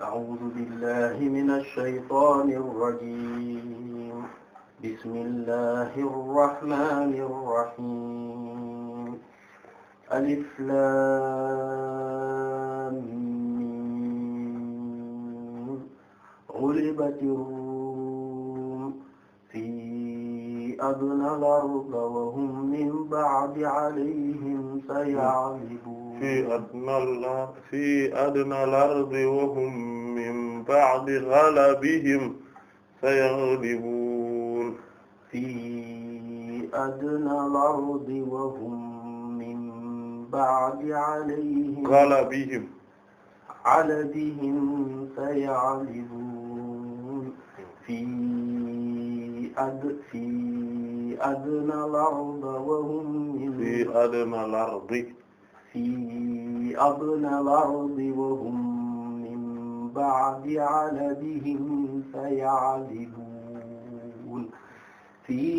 أعوذ بالله من الشيطان الرجيم بسم الله الرحمن الرحيم ألف لام ميم غلبت الروم في أدنى الأرض وهم من بعد عليهم سيغلبون fi adnal fi adnal ardi wa hum min ba'di ghalabihim sayaghlibuun fi adnal ardi wa hum min ba'di alayhim ghalabihim ghalabihim sayaghlibuun fi ad fi adnal ardi wa hum min fi adnal ardi في أضنى الأرض وهم من بعد علبهم سيعلبون في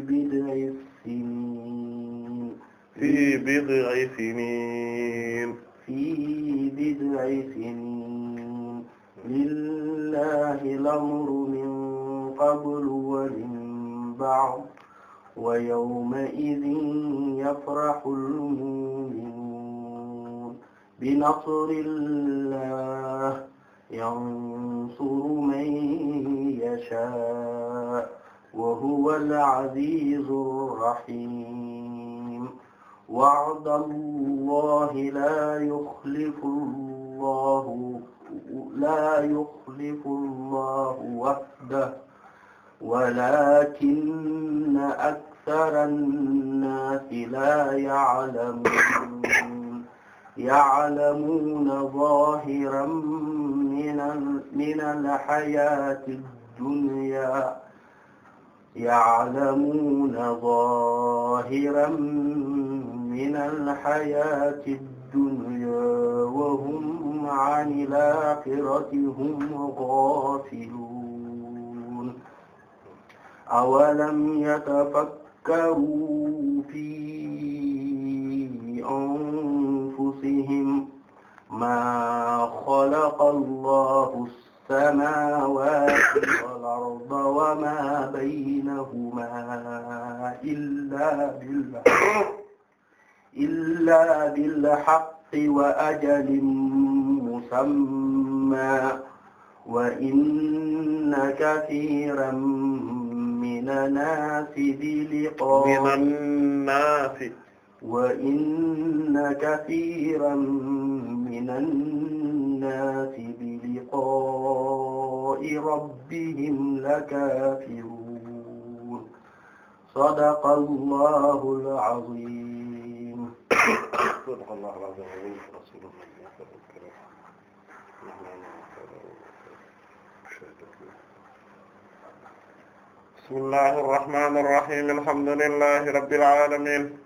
بضع سنين في بضع سنين في بضع سنين لله الأمر من قبل ومن بعد ويومئذ يفرح المؤمنون binasrillah yansuru man yashaa wa huwal aziizur rahiim wa'dallahi laa yuxlifullahu laa yuxlifullahu wa'dahu walaakinna aktharan naasi laa ya'lamuun ya'lamuuna zaahiran mina al-hayaati ad-dunyaa ya'lamuuna zaahiran mina al-hayaati ad-dunyaa wa hum 'ani al-aakhirati hum ghaafiluun awalam yatafakkaruu fii أنفسهم ما خلق الله السماوات والأرض وما بينهما إلا بالحق إلا بالحق وأجل مسمى وإن كثيرا من الناس بلقاء wa inna kathiran minan naasi bi liqaa'i rabbihim lakaafiruun sadaqallahu al-aziim. Sadaqallahu al-aziim. Bismillahir rahmaanir rahiim, alhamdulillahi rabbil aalamiin.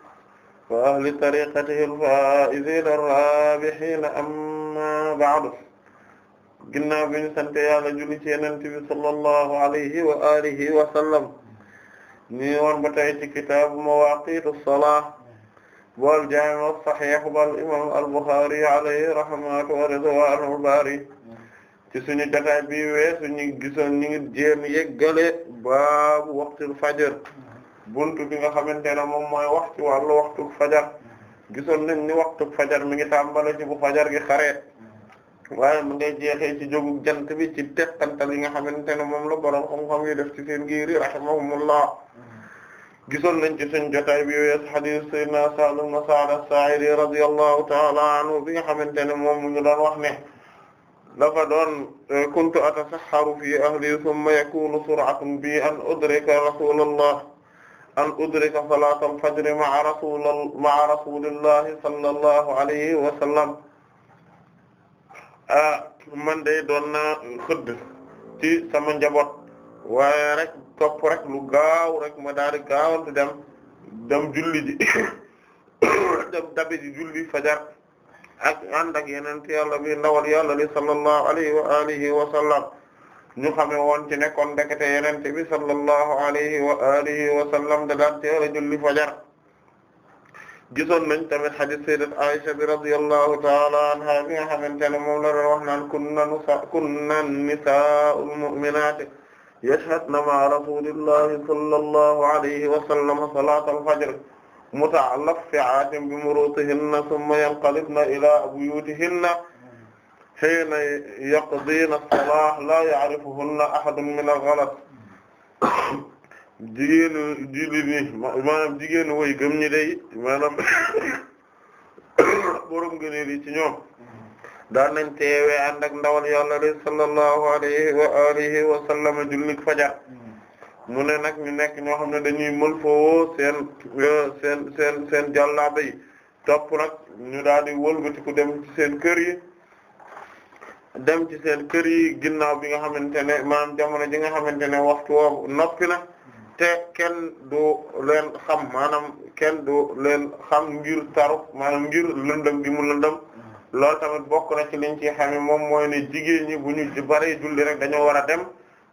wa ahli tariqatihi al-faa'iziina ar-raabihiina amma ba'du ginnaaw bi ñu sant Yàlla julli ci Yonent bi sallallahu alayhi wa alihi wa sallam ñu woon ba tey ci kitaabu mawaaqiitu as-salaat wal jaami' as-sahiih wal imaam al-Buxaari alayhi rahmatu wa ridwaanu al-baari ci suñu jotaay bi weesu ñu gisoon ñu ngi jéem yeggale baabu waqtil fajr buntu bi nga xamante ne moom mooy wax ci wàllu waxtu fajar gisoon nañ ni waxtu fajar mi ngi tàmbale ci bu fajar gi xaree waaye mu ngay jeexee ci jógu jant bi ci teqantal yi nga xamante ne moom la borom xam-xam yi def ci seen ngir yi rahimahumullah gisoon nañ ci suñ jotaay bi wees hadith sayyidina Sahl ibn nga xamante ne moom mu ngi doon wax ne dafa fi ahli thumma yakunu sur'atun bi an udrika rasulullah an udrika salaatal fajri ma'a rasul ma'a rasulillahi sallallahu alayhi wa sallam ah, man de doon na xëdd ci sama njaboot waaye rek topp rek lu gaaw rek ma daal di gaawantu dem dem julli ji dem dabe ji julli fajar ak ànd ak yeneen yàlla bi ndawal yàlla li sallallahu alayhi wa alihi wa sallam ñu xame woon ci nekkoon ndekete yenente bi sallallahu alayhi wa alihi wa sallam da daan teel a julli fajar gisoon nañ tamit hadith sayyidat Aisha bi radiyallahu ta'ala anha bi nga xamante ne moom la doon wax naan kunna nisa kunna nisaa'ul mu'minaat yashhadna ma'a rasulillahi sallallahu alayhi wa sallam salaatal fajr muta'alliqaatin bi muruutihinna thumma yanqalibna ilaa buyuutihinna xiina yaqdiina as-salaah laa ya'rifuhunna ahadun min al-ghalat jigéenu jullit ñi maanaam jigéenu way gëm ñi day maanaam borom gëneel yi ci ñoom daan nañ teewee ànd ak ndawal yàlla li sallallahu alayhi wa alihi wa sallam jullik fajar mu ne nag ñu nekk ñoo xam ne dañuy mël foowo seen seen seen seen jàllaabe yi topp nag ñu daal di wëlbatiku dem ci seen kër yi dem ci seen kër yi ginnaaw bi nga xamante ne maam jamono ji nga xamante ne waxtu woowu noppi na te kenn du leen xam maanaam kenn du leen xam ngir taru maanaam ngir lëndëm gi mu lëndëm loolu tamit bokk na ci liñ ci xame moom mooy ne jigéen ñi bu ñu baree julli rek dañoo war a dem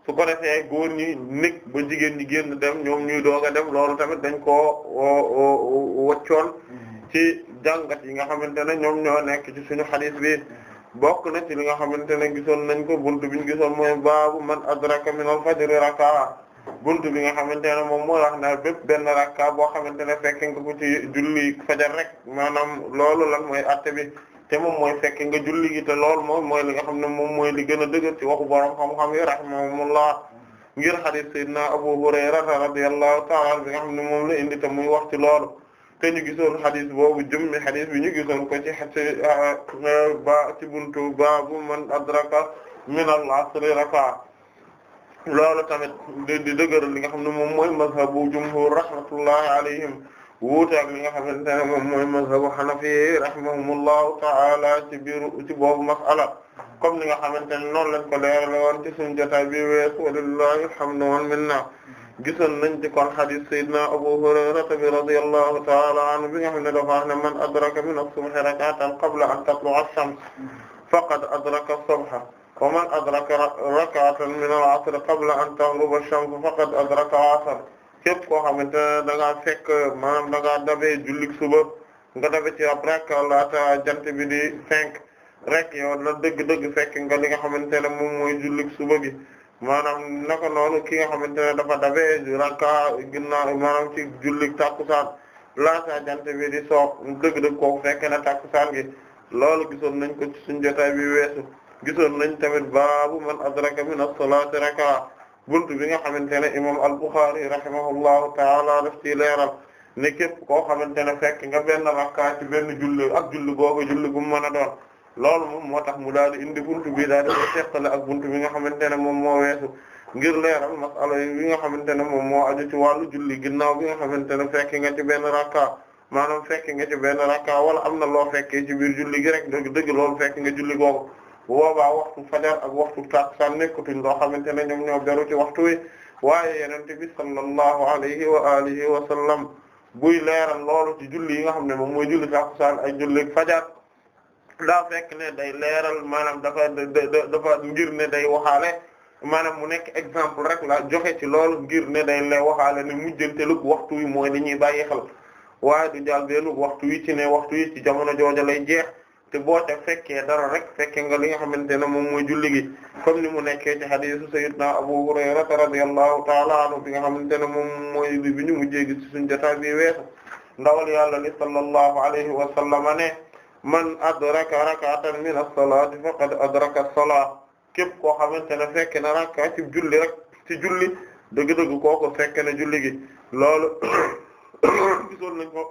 su ko defee góor ñi nekk ba jigéen ñi génn dem ñoom ñuy doog a dem loolu tamit dañ koo waccoon mm-hmm. ci jàngat yi nga xamante ne ñoom ñoo nekk ci suñu xadiis bi bokk na ci li nga xamante ne gisoon nañ ko buntu bi ñu gisoon mooy baabu man adraka min al-fajr rak'a buntu bi nga xamante ne moom mooy wax na bépp benn rakka boo xamante ne fekk ga ko ci julli fajar rek maanaam loolu lan mooy atte bi te moom mooy fekk nga julli gi te loolu moom mooy li nga xam ne moom mooy li gën a dëgër ci waxu borom xam-xam yi rahimahumullah ngir hadith sayyidina Abu Hurayra radiyallahu ta'ala bi nga xam ne moom la indi te muy wax ci loolu te ñu gisoon boobu jëmmi xadis bi ñu gisoon ko ci ah, ba ci buntu baabu man adraka min al-asri raka loolu tamit di dëgëral li nga xam ne moom mooy mazhabu jumhur rahmatullahi alayhim wuute ak li nga xam ne mu mooy mazhabu xanafi rahimahumullahu ta'ala ci boobu mas'ala comme ni nga xamante ne noonu lañ ko leerale woon ci suñu jotaay bi weesu walillahi alhamdu wal minna gisoon nañ ci kon hadis sayyidina Abu Hurayrata bi radiyallahu ta'ala anhu bi nga xam ne dafa wax ne man adraka min as-subhi rak'atan qabla an tatlu'a ash-shams faqad adraka as-subha wa man adraka rak'atan min al-'asr qabla an taghruba ash-shams faqad adraka al-'asr képp koo xamante ne da ngaa fekk maanaam da ngaa dabee jullig suba nga dabe ci ab rek laata jant bi di fenk rek yow la dëgg-dëgg fekk nga li nga xamante ne moom mooy jullig suba gi maanaam naka noonu ki nga xamante ne dafa dabee rakka ginnaaw maanaam ci julli takkusaan laata jant bi di soox dëgg-dëgg ko fekk na takkusaan gi loolu gisoon nañ ko ci suñu bi weesu gisoon nañ tamit baabu man adraka min as-salaati rak'a buntu bi nga xamante ne imaam al-Bukhari rahimahullahu taala daf ci leeral ne képp koo xamante ne fekk nga benn rakka ci benn julli ak julli googu julli gu mu mën a doon loolu moom moo tax mu daal di indi buntu bi daal di ko teqale ak buntu bi nga xamante ne moom moo weesu ngir leeral masala yi nga xamante ne moom moo aju ci wàllu julli ginnaaw bi nga xamante ne fekk nga ci benn rakka maanaam fekk nga ci benn rakka wala am na loo fekkee ci biir julli gi rek dëgg dëgg loolu fekk nga julli googu bu boobaa waxtu fajar ak waxtu takkusaan nekkutuñ loo xamante ne ñoom ñoo beru ci waxtu wi waaye yenente bi sallallahu alayhi wa alihi wa sallam buy leeral loolu ci julli yi nga xam ne moom mooy julli takkusaan ak julli fajar daa fekk ne day leeral maanaam dafa dafa ngir ne day waxaale maanaam mu nekk exemple rek la joxe ci loolu ngir ne day lay waxaale ne mujjantelug waxtu wi mooy li ñuy bàyyi xel waaye du jaal beenug waxtu wi ci ne waxtu wi ci jamono jooja lay jeex te boo te fekkee dara rek fekke nga li nga xamante ne moom mooy julli gi comme ni mu nekkee ci hadiisu sayyidina Abu Hurayra radiyallahu ta'ala anhu bi nga xamante ne moom mooy bi ñu mu gis ci suñu jotaay bi weesu ndawal yàlla li sallallahu alayhi wa ne man adraka rak'atan min as-salati faqad adraka as-salat képp koo xamante ne fekk na rakka ci julli rek ci julli dëgg-dëgg kooku fekk na julli gi loolu gisoon nañ ko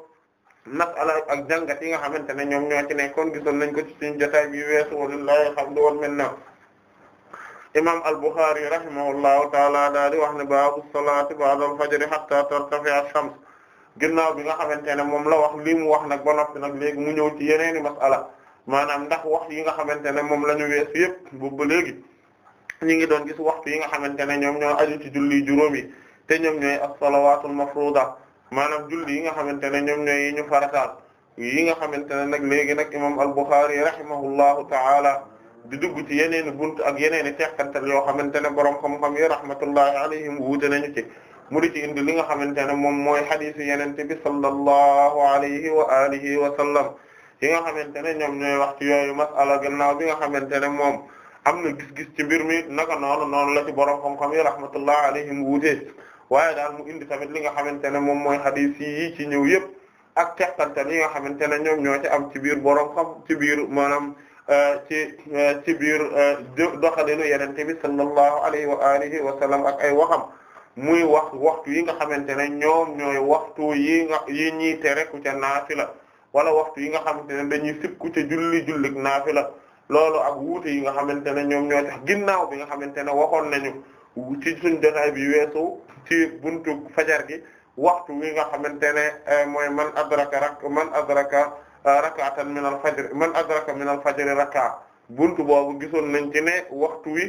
masala ak jàngat yi nga xamante ne ñoom ñoo ci nekkoon gisoon nañ ko ci suñu jotaay bi weesu walillahi alhamdu wal minna imam al-Bukhari rahimahullahu taala daal di wax ne baabu salaati ba'da al-fajr hatta tartafi ash-shams ginnaaw bi nga xamante ne moom la wax lii mu wax nag ba noppi nag léegi mu ñëw ci yeneeni masala maanaam ndax wax yi nga xamante ne moom la ñu wees yëpp bu ba léegi ñu ngi doon gis waxtu yi nga xamante ne ñoom ñoo a ci julli juróom yi te ñoom ñooy as-salawaatul mafruuda maanaam julli yi nga xamante ne ñoom ñooy yi ñu farataal yi nga xamante ne nag léegi nag imam al-Bukhari rahimahullahu ta'ala di dugg ci yeneeni bunt ak yeneeni teqantal yoo xamante ne boroom xam-xam yi rahmatullahi alayhim wuute nañu ci mu di ci indi li nga xamante ne moom mooy xadiisu yenente bi sallallahu alayhi wa alihi wa sallam yi nga xamante ne ñoom ñooy wax ci yooyu masala gannaaw bi nga xamante ne moom am na gis-gis ci mbir mi naka noonu noonu la ci borom xam-xam yi rahmatullah mu wuute waaye daal mu indi tamit li nga xamante ne moom mooy xadiis yi ci ñëw yëpp ak teqantal yi nga xamante ne ñoom ñoo ci am ci biir borom xam ci biir maanaam euh, ci euh, ci biir euh, doxalinu yenente bi sallallahu alayhi wa alihi wa sallam ak ay waxam muy wax waxtu yi nga xamante ne ñoom ñooy waxtu yi nga yi ñiy tere ku ca naafila wala waxtu yi nga xamante ne dañuy sib ku ca julli jullik naafila loolu ak wuute yi nga xamante ne ñoom ñoo tax ginnaaw bi nga xamante ne waxoon nañu ci suñ jotaay bi weesu ci buntu fajar gi waxtu wi nga xamante ne eh, mooy man adraka rak man adraka eh, rak'atan min al-fajr man adraka min al-fajr rak'a buntu boobu gisoon nañ ci ne waxtu wi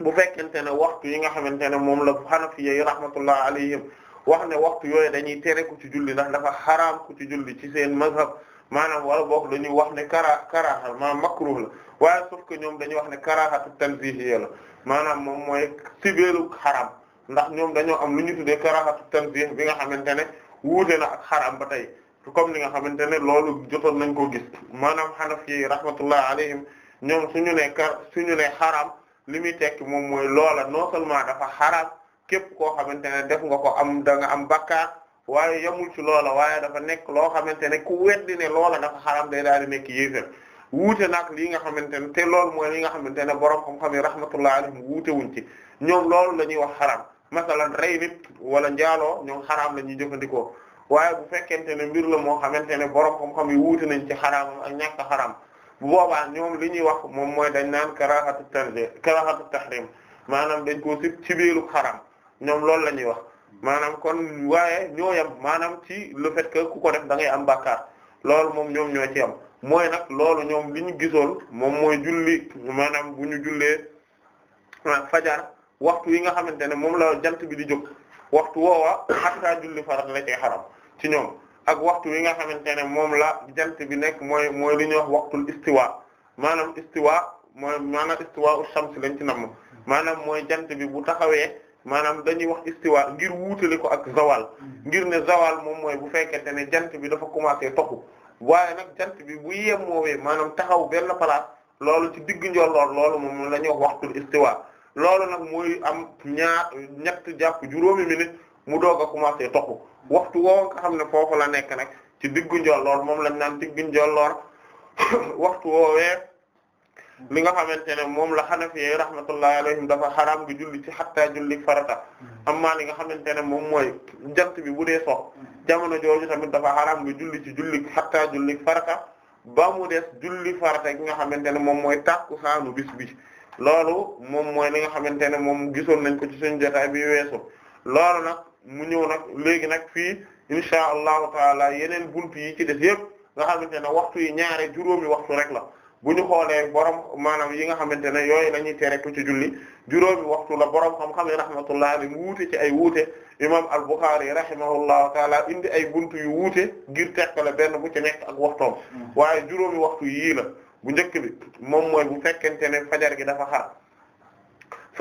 bu fekkente ne waxtu yi nga xamante ne moom la Hanafiya yi rahmatullah alayhim wax ne waxtu yooyu dañuy tere ku ci julli ndax dafa xaraam ku ci julli ci seen mazhab maanaam wala boog dañuy wax ne kara karaha maanaam makruh la waaye sauf ñoom dañuy wax ne karahatu tanzihiyya la maanaam moom mooy sibéelu xaraam ndax ñoom dañoo am lu ñu tuddee karahatu tanzih bi nga xamante ne wuute na ak xaraam ba tey comme ni nga xamante ne loolu jotoon nañ ko gis maanaam Hanafi yi rahmatullah alayhim ñoom suñu ne kar suñu ne xaraam li muy tekki moom mooy loola non seulement dafa xaraam képp koo xamante ne def nga ko am da nga am bakkaar waaye yemul ci loola waaye dafa nekk loo xamante ne ku weddi ne loola dafa xaraam day daal di nekk yéefér wuute nag lii nga xamante ne te lool mooy li nga xamante ne borom xam-xam yi rahmatullah alayhim wuute wuñ ci ñoom lool la ñuy wax xaraam masalan rey nit wala njaaloo ñoom xaraam la ñuy jëfandikoo waaye bu fekkente ne mbir la moo xamante ne borom xam yi wuute nañ ci xaraam ak ñàkk xaraam bu boobaa ñoom li ñuy wax moom mooy dañ naan karahatu tanzih karahatu tahrim maanaam dañ koo sib ci biiru xaram ñoom loolu la ñuy wax maanaam kon waaye ñoo yem maanaam ci le fait que ku ko def da ngay am bàkkaar loolu moom ñoom ñoo ci mooy nag loolu ñoom li ñu gisoon moom mooy julli maanaam bu ñu jullee ah, fajar waxtu yi nga xamante ne moom la jant bi di jóg waxtu woowa xataa julli farat la ci xaram ci ñoom ak waxtu wi nga xamante ne moom la jant bi nekk mooy mooy li ñuy wax waxtul istiwa maanaam istiwa mooy maanaam istiwa shams lañ ci namm maanaam mooy jant bi bu taxawee maanaam dañuy wax istiwa ngir wuutale ko ak zawal ngir ne zawal moom mooy bu fekkente ne jant bi dafa commencé toxu waaye nag jant bi bu yemmoowee maanaam taxaw benn place loolu ci digg njolloor loolu moom la ñuy wax waxtul istiwa loolu nag mooy am ñaar ñett jàpp juróomi minute mu doog a commencé toxu waxtu woo nga xam ne foofu la nekk nag ci diggu njolloor moom lañ naan diggu lool waxtu woowee li nga xamante ne moom la Hanafi yi rahmatullahi alayhim dafa xaraam bi julli ci xattaa julli farata hmm. amma li nga xamante ne moom mooy jant bi bu dee sox hmm. jamono jooju tamit dafa xaraam bi julli ci julli xattaa julli farata ba mu des julli farata ki nga xamante ne moom mooy saanu bis bi loolu moom mooy li nga xamante ne moom gisoon nañ ko ci suñu jotaay bi weesu loolu nag mu ñëw nag léegi nag fii insha allahu taala yeneen buntu yi ci def yëpp nga xamante ne waxtu yi ñaare juróomi waxtu rek la bu ñu xoolee borom maanaam yi nga xamante ne yooyu la ñuy tere ku ci julli juróomi waxtu la borom xam-xam yi rahmatullah alayhi wuute ci ay wuute imam al-Bukhari rahimahullahu taala indi ay buntu yu wuute ngir tekkale benn bu ci nekk ak waxtoom mm. waaye juróomi waxtu yii la bu njëkk bi moom mooy bu fekkente ne fajar gi dafa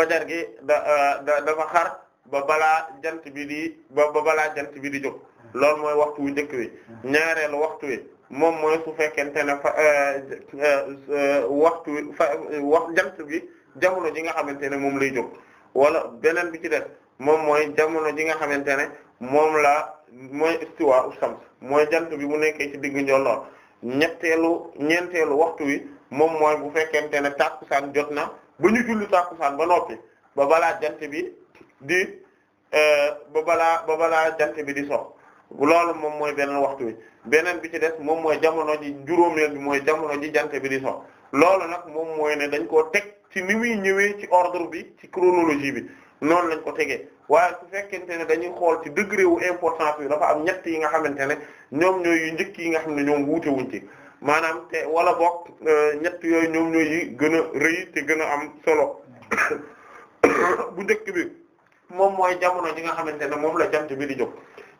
xar gi euh, da dafa xar ba balaa jant bi di ba ba balaa jant bi di jóg loolu mooy waxtu wu njëkk wi ñaareelu waxtu wi moom mooy su fekkente ne fa euh, euh, euh, waxtu wax jant bi jamono ji nga xamante ne moom lay jóg wala beneen bi ci def moom mooy jamono ji nga xamante ne moom la mooy mooy jant bi mu nekkee ci diggu njolloor ñetteelu ñeenteelu waxtu wi moom mooy bu fekkente ne tàkkusaan jot na ba ñu julli tàkkusaan ba noppi ba balaa jant bi di euh, ba balaa ba balaa jant bi di sox loolu moom mooy beneen waxtu wi beneen bi ci des moom mooy jamono ji juróomeel bi mooy jamono ji jante bi di sox loolu nag moom mooy ne dañ koo teg ci ni muy ñëwee ci ordre bi ci chronologie bi noonu lañ ko tegee waaye su fekkente ne dañuy xool ci degré wu importance bi dafa am ñett yi nga xamante ne ñoom ñooy yu njëkk yi nga xam ne ñoom wuute wuñ ci maanaam te wala bokk euh, ñett yooyu ñoom ñooy gën a rëy te gën a am solo bu moom mooy jamono ji nga xamante ne moom la jant bi di jóg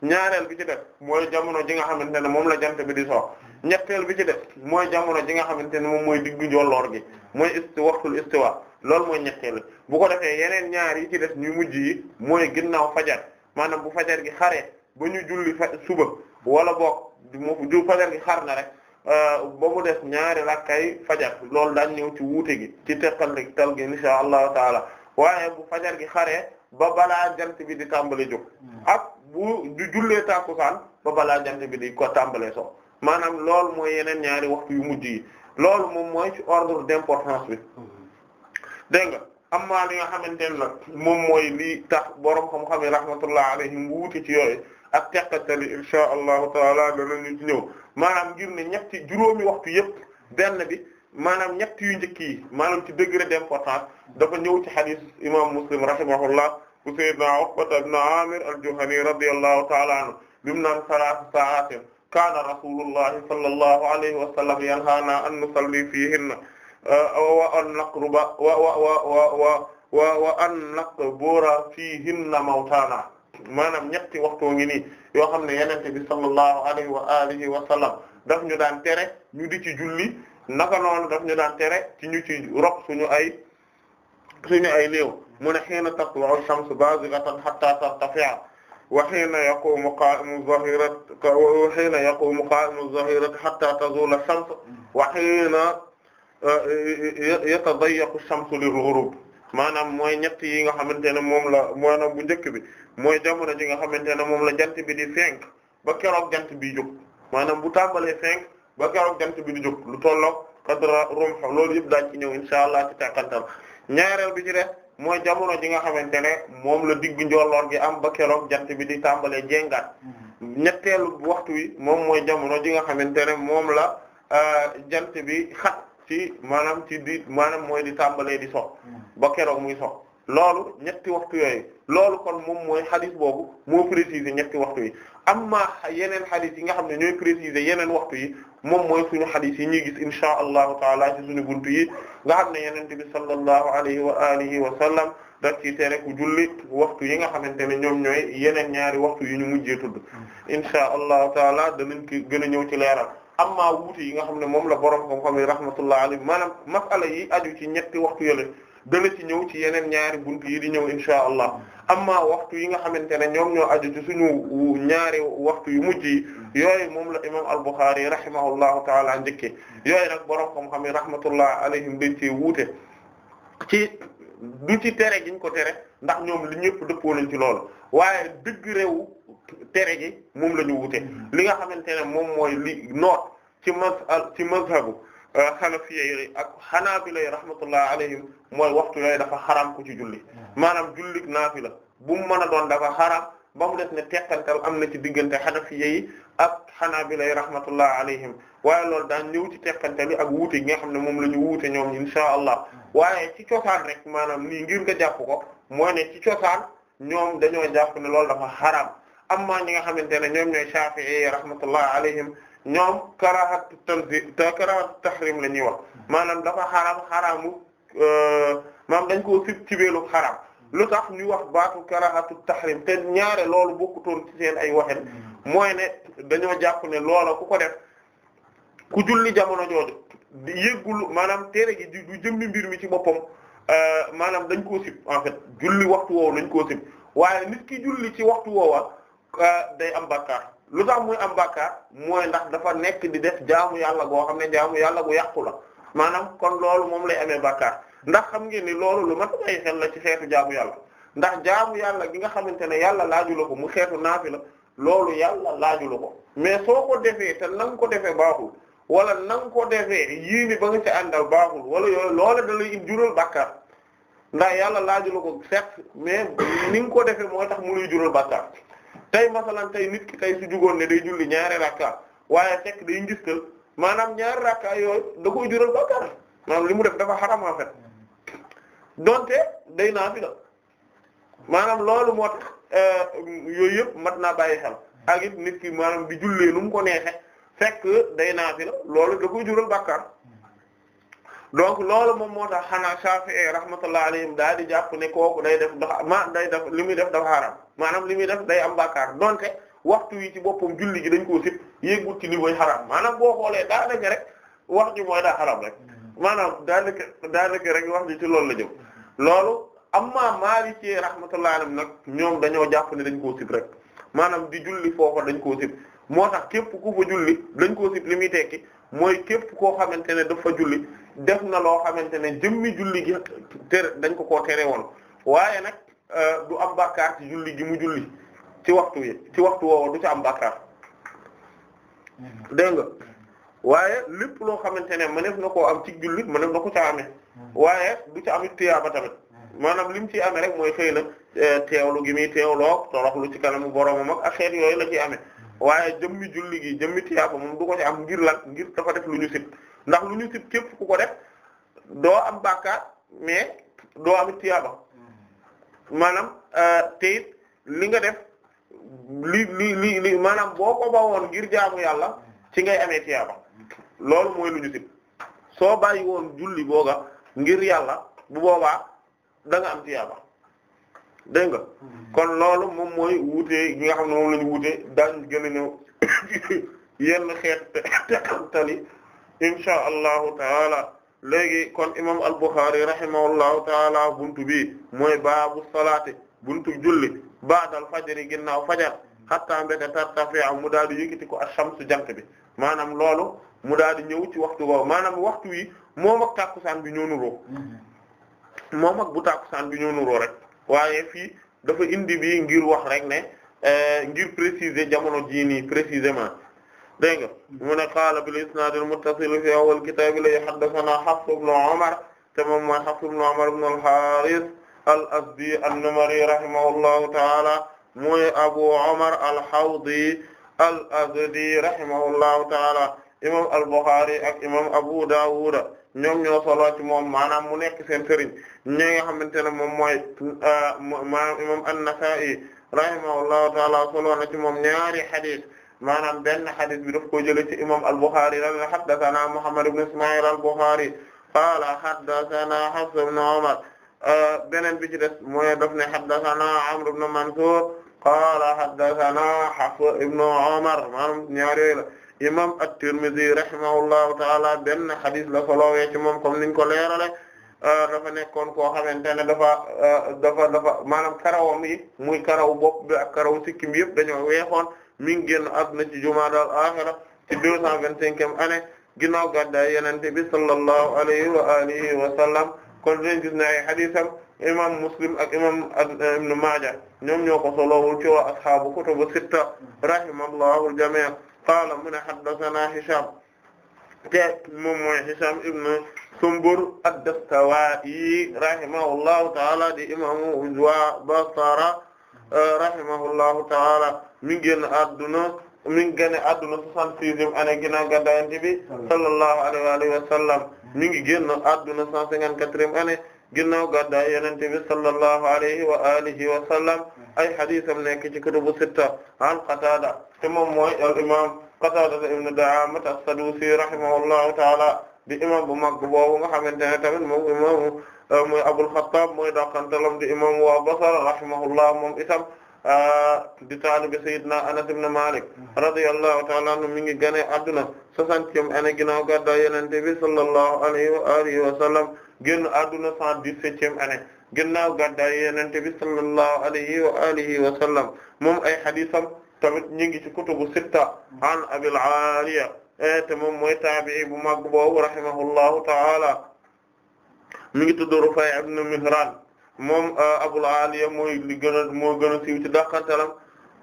ñaareel bi ci def mooy jamono ji nga xamante ne moom la jant bi di so ñetteel bi ci def mooy jamono ji nga xamante ne moom mooy diggu jolloor gi mooy isti waxtul istiwa loolu mooy ñetteel bu ko defee yeneen ñaar yi ci def ñu mujj yi mooy ginnaaw fajar maanaam bu fajar gi xaree ba ñu julli fa suba wala boog ju fajar gi xar na rek euh, ba mu des ñaari rakkay fajar loolu daan ñëw ci wuute gi ci teqal tal gi insha allahu taala waaye bu fajar ba balaa jant bi di tàmbale jóg hmm. ak bu du jullee tàkkusaan ba balaa jant bi di ko tàmbalee so maanaam loolu mooy yeneen ñaari waxtu yu mujj yi lool moom mooy ci ordre d'importance bi hmm. dégg nga amma li nga xamante teen nag moom mooy lii tax borom xam-xam yi rahmatullah alayhim wuute ci yooyu ak teqatali insha allahu taala danañu ci ñëw maanaam ngir ne ñetti juróomi waxtu yëpp benn bi maanaam ñett yu njëkk yi maanaam ci degré d'importance dafa ñëw ci hadith imam muslim rahimahullah bu sayyidna Uqbata ibn Amir al-Juhani radiyallahu ta'ala anhu bimu naan salaatu sa'atin kaana rasulullahi sallallahu alayhi wa sallam yanhaana an nusalli fihinna wa an naqruba wa wa wa wa wa wa an naqbura fihinna mawtaana maanaam ñetti waxtu ngi nii yoo xam ne yenente bi sallallahu alayhi wa alihi wa sallam daf ñu daan tere ñu di ci julli naka noonu daf ñu daan tere ci ñu ci rob suñu ay suñu ay néew mu ne hiina tatlu'u shamsu bazighatan hatta tartafi'a wa hiina yaqumu qaa'imu zahirat wa hiina yaqumu qaa'imu zahirat hatta tazula shamsu wa hiina e, e, e, yatadayyaqu shamsu lil ghurub maanaam mooy ñett yi nga xamante ne moom la maanaam bu njëkk bi mooy jamono ji nga xamante ne moom la jant bi di fenk ba keroog jant bi fenk ba keroog jant bi di jóg lu tolloog qadra rumh loolu yëpp daañ ci ñëw insha allah ci tàqantal ñaareel bi ci def mooy jamono ji nga xamante ne moom la digg njolloor gi am ba keroog jant bi di tàmbalee jéngaat mm-hmm. ñetteelu waxtu wi moom mooy jamono ji nga xamante ne moom la euh, jant bi xat ci maanaam ci di maanaam mooy di tàmbalee di so mm-hmm. ba keroog muy so loolu ñetti waxtu yooyu loolu kon moom mooy xadis boobu moo préciser ñetti waxtu yi amma yeneen xadis yi nga xam ne ñooy préciser yeneen waxtu yi moom mooy suñu xadis yi ñuy gis inshaa allahu taala ci suñu buntu yi nga xam ne yenente bi sallallahu alayhi wa alihi wa sallam daf ci tere ku julli waxtu yi nga xamante ne ñoom ñooy yeneen ñaari waxtu yi ñu mujjee tudd inshaa allahu taala danañ ko gën a ñëw ci leeral amma wuute yi nga xam ne moom la borom xam-xam yi rahmatullah alayhi maanaam masala yi aju ci ñetti waxtu yële dana ci ñëw ci yeneen ñaari buntu yi di ñëw insha allah amma waxtu yi nga xamante ne ñoom ñoo aju ci suñu ñaari waxtu yu mujj yi yooyu moom la imam al-Bukhari rahimahullahu taala njëkke yooyu nag borom xam-xam yi rahmatullah alayhim dañ cee wuute ci du ci tere giñ ko tere ndax ñoom li ñëpp dëppoo nañ ci loolu waaye dëgg réewu tere gi moom lañu ñu wute li nga xamante ne moom mooy li noot ci mas ci mazhabu xanafiye euh, ak xanaabila rahmatullah alayhim mooy waxtu yooyu dafa xaram ku ci julli hmm. maanaam julli naafila bu mu mën a doon dafa xaram ba mu des ne teqantal am na ci diggante xanafiya yi ak xanaabila yi rahmatullah alayhim waaye loolu daan ñëw ci teqantal yi ak wuute gi nga xam ne moom la ñu wuute ñoom insha allah hmm. waaye ci cosaan rek maanaam nii ngir nga jàpp ko mooy ne ci cosaan ñoom dañoo jàpp ne loolu dafa xaram amma ñi nga xamante ne ñoom ñooy Shafi'i yi rahmatullah alayhim ñoom karaahatu tanzih karaahatu tahrim la ñuy wax hmm. maanaam dafa xaram Euh, maam dañ ko sib ci beelu xaram mm. lu tax ñu wax baatu karaahatu tahrim te ñaare loolu bokkutoon ci seen ay waxet mm. mooy ne dañoo jàpp ne loola ku ko def ku julli jamono jooju yëggul maanaam tere gi du jëmmi mbir mi ci boppam euh, maanaam dañ ko sib en fait julli waxtu woowu dañ koo sib waaye nit ki julli ci waxtu woowa euh, day am bàkkaar lu tax muy am bàkkaar mooy ndax dafa nekk di def jaamu yàlla goo xam ne jaamu yàlla gu yàqu la maanaam kon loolu moom lay amee bàkkaar ndax xam ngeen ni loolu lu mat ay xel la ci xeetu jaamu yàlla ndax jaamu yàlla gi nga xamante ne yàlla laaju la ko mu xeetu naafi la loolu yàlla laaju la ko mais soo ko defee te na nga ko defee baaxul wala na nga ko defee yii ba nga ci àndal baaxul wala yooyu loola da lay jural bàkkaar ndax yàlla laaju la ko certes mais ni ko defee moo tax mu lay jural bàkkaar tey masalan tey nit ki tey su jugoon ne day julli ñaare rakka waaye fekk day ngistal maanaam ñaari rakka yooyu da koy jural bàkkaar maanaam li mu def dafa xaram en fait donte day naafila maanaam loolu moo euh, yooyu yëpp mat naa bàyyi xel ak nit ki maanaam di jullee nu mu ko neexe fekk day naafila loolu da koy jural bàkkaar donc loolu moom moo tax xanaa Shafi'i rahmatullah alayhim daal di jàpp ne kooku day def ma day def li muy def dafa xaram maanaam li muy def day am bàkkaar donte. waxtu yi ci boppam julli gi dañ koo sib yéegul ni niveau xaraam maanaam boo xoolee daanaka rek wax ji mooy daa xaraam rek mm. maanaam daanaka daanaka rek wax ji ci loolu la jëm mm. loolu amma Maliki rahmatullahi alayhi nag ñoom dañoo jàpp ne dañ koo sib rek maanaam di julli foofa dañ koo sib moo tax képp ku fa julli dañ koo sib li muy tekki mooy képp koo xamante ne dafa julli def na loo xamante ne jëmmi julli gi tere dañ ko koo tere woon waaye nag euh, du am bàkkaar ci julli gi mu julli ci waxtu yi ci waxtu woowu du ci am bàkkaar dégg nga waaye lépp loo xamante ne mëneef na koo am ci jullit mëneef na ko ca amee waaye du ca amit tiyaaba tamit maanaam li mu ciy amee rek mooy xëy na eh, teewlu gi muy teewloo toroxlu ci kanamu boromam ak ak xeet yooyu la ciy amee waaye jëmmi julli gi jëmmi tiyaaba moom du ko ci am ngir lan ngir dafa def lu ñu sib ndax lu ñu sib képp ku ko def doo am bàkkaar mais doo amit tiyaaba maanaam eh, te li nga def li li li li maanaam boo ko bawoon ngir jaamu yàlla ci ngay amee tiyaaba loolu mooy lu ñu sib soo bàyyi woon julli booga ngir yàlla bu boobaa da nga am tiyaaba dégg nga kon loolu moom mooy wuutee gi nga xam ne moom la ñu wuutee daañ gën a yenn xeet teqantali insha allahu taala léegi kon imam al-Bukhari rahimahullahu taala buntu bi mooy baabu salaati buntu julli baadal fajari ginnaaw fajar hatta mbete tartafi'a mu daal di ko ash-shamsu jant bi maanaam loolu mu daal di ñëw ci waxtu boobu maanaam waxtu yi moom ak tàkkusaan bi ñoo nuroo mm-hmm. moom ak bu bi ñoo nuroo rek waaye fii dafa indi bi ngir wax rek ne eh, ngir préciser jamono jii nii précisément dégg nga mu ne qaala bil isnaad al muttasil fi awwal kitaab la haddathana Hafs ibn Umar te moom mooy Hafs ibn Umar ibn al-Azdi an-Numari rahimahullahu ta'ala mooy Abu Umar al-Hawdi al-Azdi rahimahullahu ta'ala imam al-Bukhari ak imam Abu Dawud ñoom ñoo solo ci moom maanaam mu nekk seen sëriñ ñi nga xamante ne moom mooy ah, maanaam imam an-Nasa'i rahimahullahu ta'ala solo na ci moom ñaari xadis maanaam benn xadis bi daf ko jëlee ci imam al-Bukhari la haddathana Muhammad ibn Isma'il al-Bukhari qala haddathana Hafs ibn Umar Euh, beneen bi ci des mooy daf ne haddathana Amr ibn Mansur qaala haddathana Hafs ibn Umar maanaam ñaareel imam at-Tirmidhi rahimahullahu ta'ala benn hadith la solowee ci moom comme niñ ko leerale euh, dafa nekkoon koo xamante ne dafa euh, dafa dafa maanaam karawam yi muy karaw bopp bi ak karaw sikkim bi yëpp dañoo weexoon mi ngi génn àdduna ci jumaadal axira ci deux cent vingt-cinquième année ginnaaw gàddaay Yonent bi kon gis ne ay xadisam imam muslim ak imam ibn maaja ñoom ñoo ko solowul ci waa ashaabu kutubu sitta rahimallahu al-jamii' qaala mu ne haddathana hisham te moom mooy hisham ibn sumbur ad-dastawaa'i rahimahullahu taala di imamu waa basara rahimahullahu taala mi ngi mi ngi génn adduna 154e année ginnaaw gàddaay Yonent bi sallallahu alayhi wa alihi wa sallam ay hadiisam nekk ci kutubu sitta an Qataada te mooy al imaam Qataada ibn Da'aama as-Sadusi rahimahullahu ta'ala di imam bu mag boobu nga xamante ne tamit moom imaamu mooy Abul mooy dàqantalam di imam waa Basra rahimahullah moom itam di taalibe Seydina Anas ibn Malik radiyallahu ta'ala anhu mi ngi gane adduna soixantième année ginnaaw gàddaay Yonent bi sallallahu alayhi wa alihi wa sallam génn adduna cent dix-septième année ginnaaw sallallahu alayhi wa alihi wa ay hadisam tamit ñu ngi ci kutubu sitta an Abil Aliya e, te moom mooy taabi'i bu mag boobu rahimahullahu ta'ala mi ngi Rufay ibn Mihran moom euh, Abul Aliya mooy gën a moo gën a siiw ci dàqantalam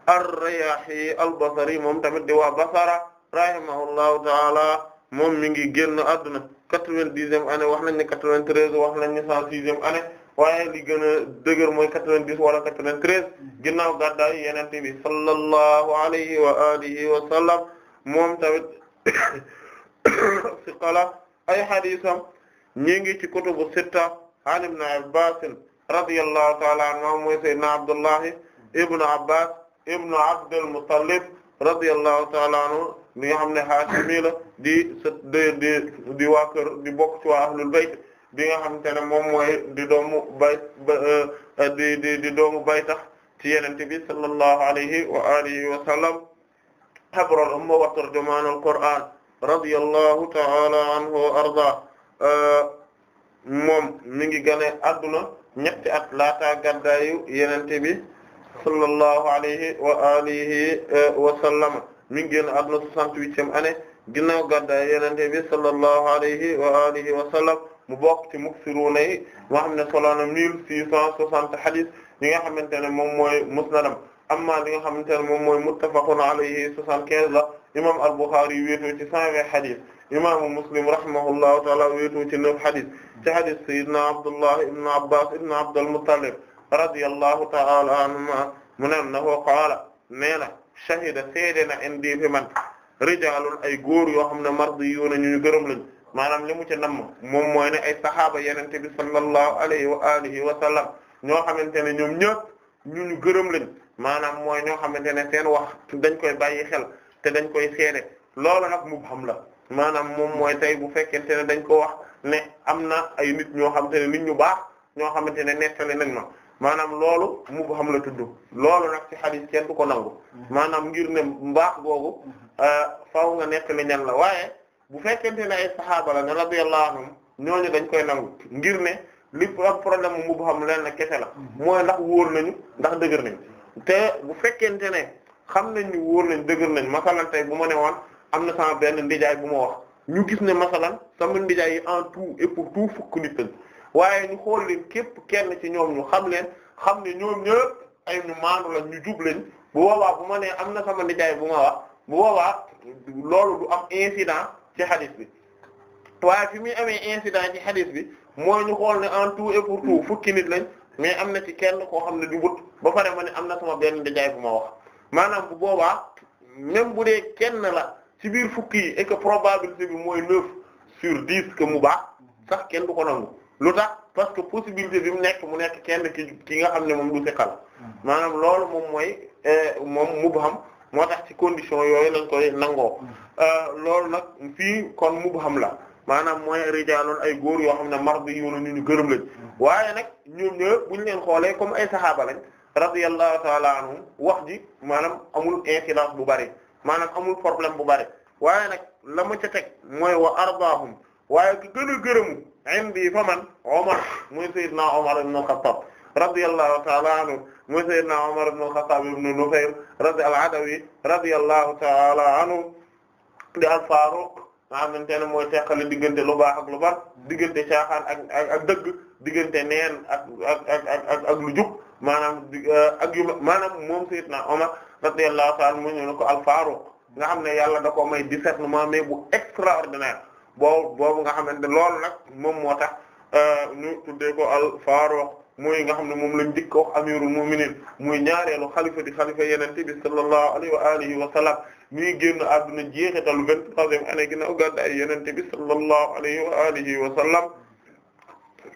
ar-Riyahi al-Basri moom tamit di waa Basra rahimahullahu ta'ala moom mi ngi génn àdduna quatre-vingt-dixième année wax nañ ne quatre-vingt-treize wax nañ ne cent sixième année waaye li gën a dëgër mooy quatre-vingt-dix wala quatre-vingt-treize ginnaaw gàddaay Yonent bi sallallahu alayhi wa alihi wa sallam moom tamit siqala ay hadiisam ñi ngi ci kutubu sitta an Ibn Abbas radiyallahu ta'ala anhu mooy sayyidina Abdullahi ibnu Abbas ibnu Abdul Muttalib radiyallahu ta'ala anhu mi nga xam ne Haashimi la di di di di waa kër di bokk ci waa ahlul bayt bi nga xamante ne moom mooy di doomu bay eh, di di di doomu baytax ci Yonent bi sallallahu alayhi wa alihi wa sallam habrul umma wa tarjumaanul Qur'aan radiyallahu ta'ala anhu wa arda eh, moom mi ngi gane adduna ñetti at laata gaddaayu yenente bi sallallahu alayhi wa alihi eh, wa sallam mi ngi génn àdduna soixante-huitième année ginnaaw gaddaay yenente bi sallallahu alayhi wa alihi wa sallam mu bokk ci muksiruna yi nga xam ne soloona mille six cent soixante hadith ñi nga xamante ne moom mooy musnadam amma li nga xamante ne moom mooy muttafaqun alayhi soixante-quinze la imam al-Bukhari wéetoo ci cent vingt hadith imaamu Muslim rahimahullahu taala wéetoo ci neuf hadith ci hadith sayyidina Abdullah ibn Abbas ibn Abdul Muttalib radiyallahu taala anhuma mu ne na qaala nee na shahida seede na indi fi man rijaalun ay góor yoo xam ne mardiyuuna ñu ñu gërëm lañ maanaam li mu ci namm moom mooy ne ay sahaaba yenente bi sallallahu alayhi wa alihi wa sallam ñoo xamante ne ñoom ñëpp ñu ñu gërëm lañ maanaam mooy ñoo xamante ne seen wax dañ koy bàyyi xel te dañ koy seede loolu nag mubham la maanaam moom mooy tey bu fekkente ne dañ ko wax ne am na ay nit ñoo xamante ne nit ñu baax ñoo xamante ne nettali nañ ma maanaam loolu mu xam la tudd loolu nag ci xadis kenn du ko nangu maanaam ngir ne mbaax googu euh, faaw nga nettali ñan la waaye bu fekkente ne ay saxaaba la ne radiyallahu anhum ñooñu dañ koy nangu ngir ne li problème mu bu xam leen na kese la mooy ndax wóor nañu ndax dëgër nañ te bu fekkente ne xam nañ ni wóor nañ dëgër nañ masalan tey bu ma ne woon am na sama benn ndijaay bu ma wax ñu gis ne masalan sama ndijaay yi en tout et pour tout waaye ñu xool leen képp kenn ci ñoom ñu xam leen xam ne ñoom ñëpp ay ñu maandu lañ ñu jub lañ bu boobaa bu ma nee am na sama ndijaay bu ma wax bu boobaa loolu du am incident ci hadith bi muy amee incident ci hadith bi mooy ñu xool ne en tout et pour lañ mais am na ci kenn koo xam ne du ba pare ma ne am na sama benn ndijaay bu ma wax maanaam bu boobaa même bu dee kenn la. ci biir fukki yi et que probabilité bi mooy neuf sur dix que mu baax sax kenn du ko nangu lu tax parce que possibilité bi mu nekk mu nekk kenn ki ki nga xam ne moom du seqal maanaam loolu moom mooy euh, moom xam moo tax ci condition yooyu lañ koy nangoo euh, loolu nag fii kon xam la maanaam mooy rijaalun ay góor yoo xam ne mardi yoonu ñu ñu gërëm lañ waaye nag ñoom ñëpp bu ñu leen xoolee comme ay saxaaba lañ radiyallahu ta'ala anhum wax ji maanaam amul incidence bu bari maanaam amul problème bu bari waaye nag la ma ca teg mooy wa ardaahum waaye ki gën a gërëmu indi fa man Omar muy Seydina Omar ibn ta'ala anhu muy Seydina Omar ibn al-Khattab Nufayr radi al-Adawi radiyallahu ta'ala anhu di al-Faruq nga mooy teqale diggante lu baax ak lu baax diggante caaxaan ak ak diggante neen ak ak maanaam moom Seydina Omar radiyallahu ta'ala mu ñu ko al-Faruq nga xam ne yàlla da ko may discernement mais bu extraordinaire boobu boobu nga xamante loolu nag moom moo tax euh, ñu tuddee ko al-Faruq muy nga xam ne moom lañ dikk wax amirul mu'minin muy ñaareelu xalifa di xalifa yenente bi sallallahu alayhi wa alihi wa sallam muy génn àdduna jeexitalu vingt-troisième année ginnaaw gàddaay yenente bi sallallahu alayhi wa alihi wa sallam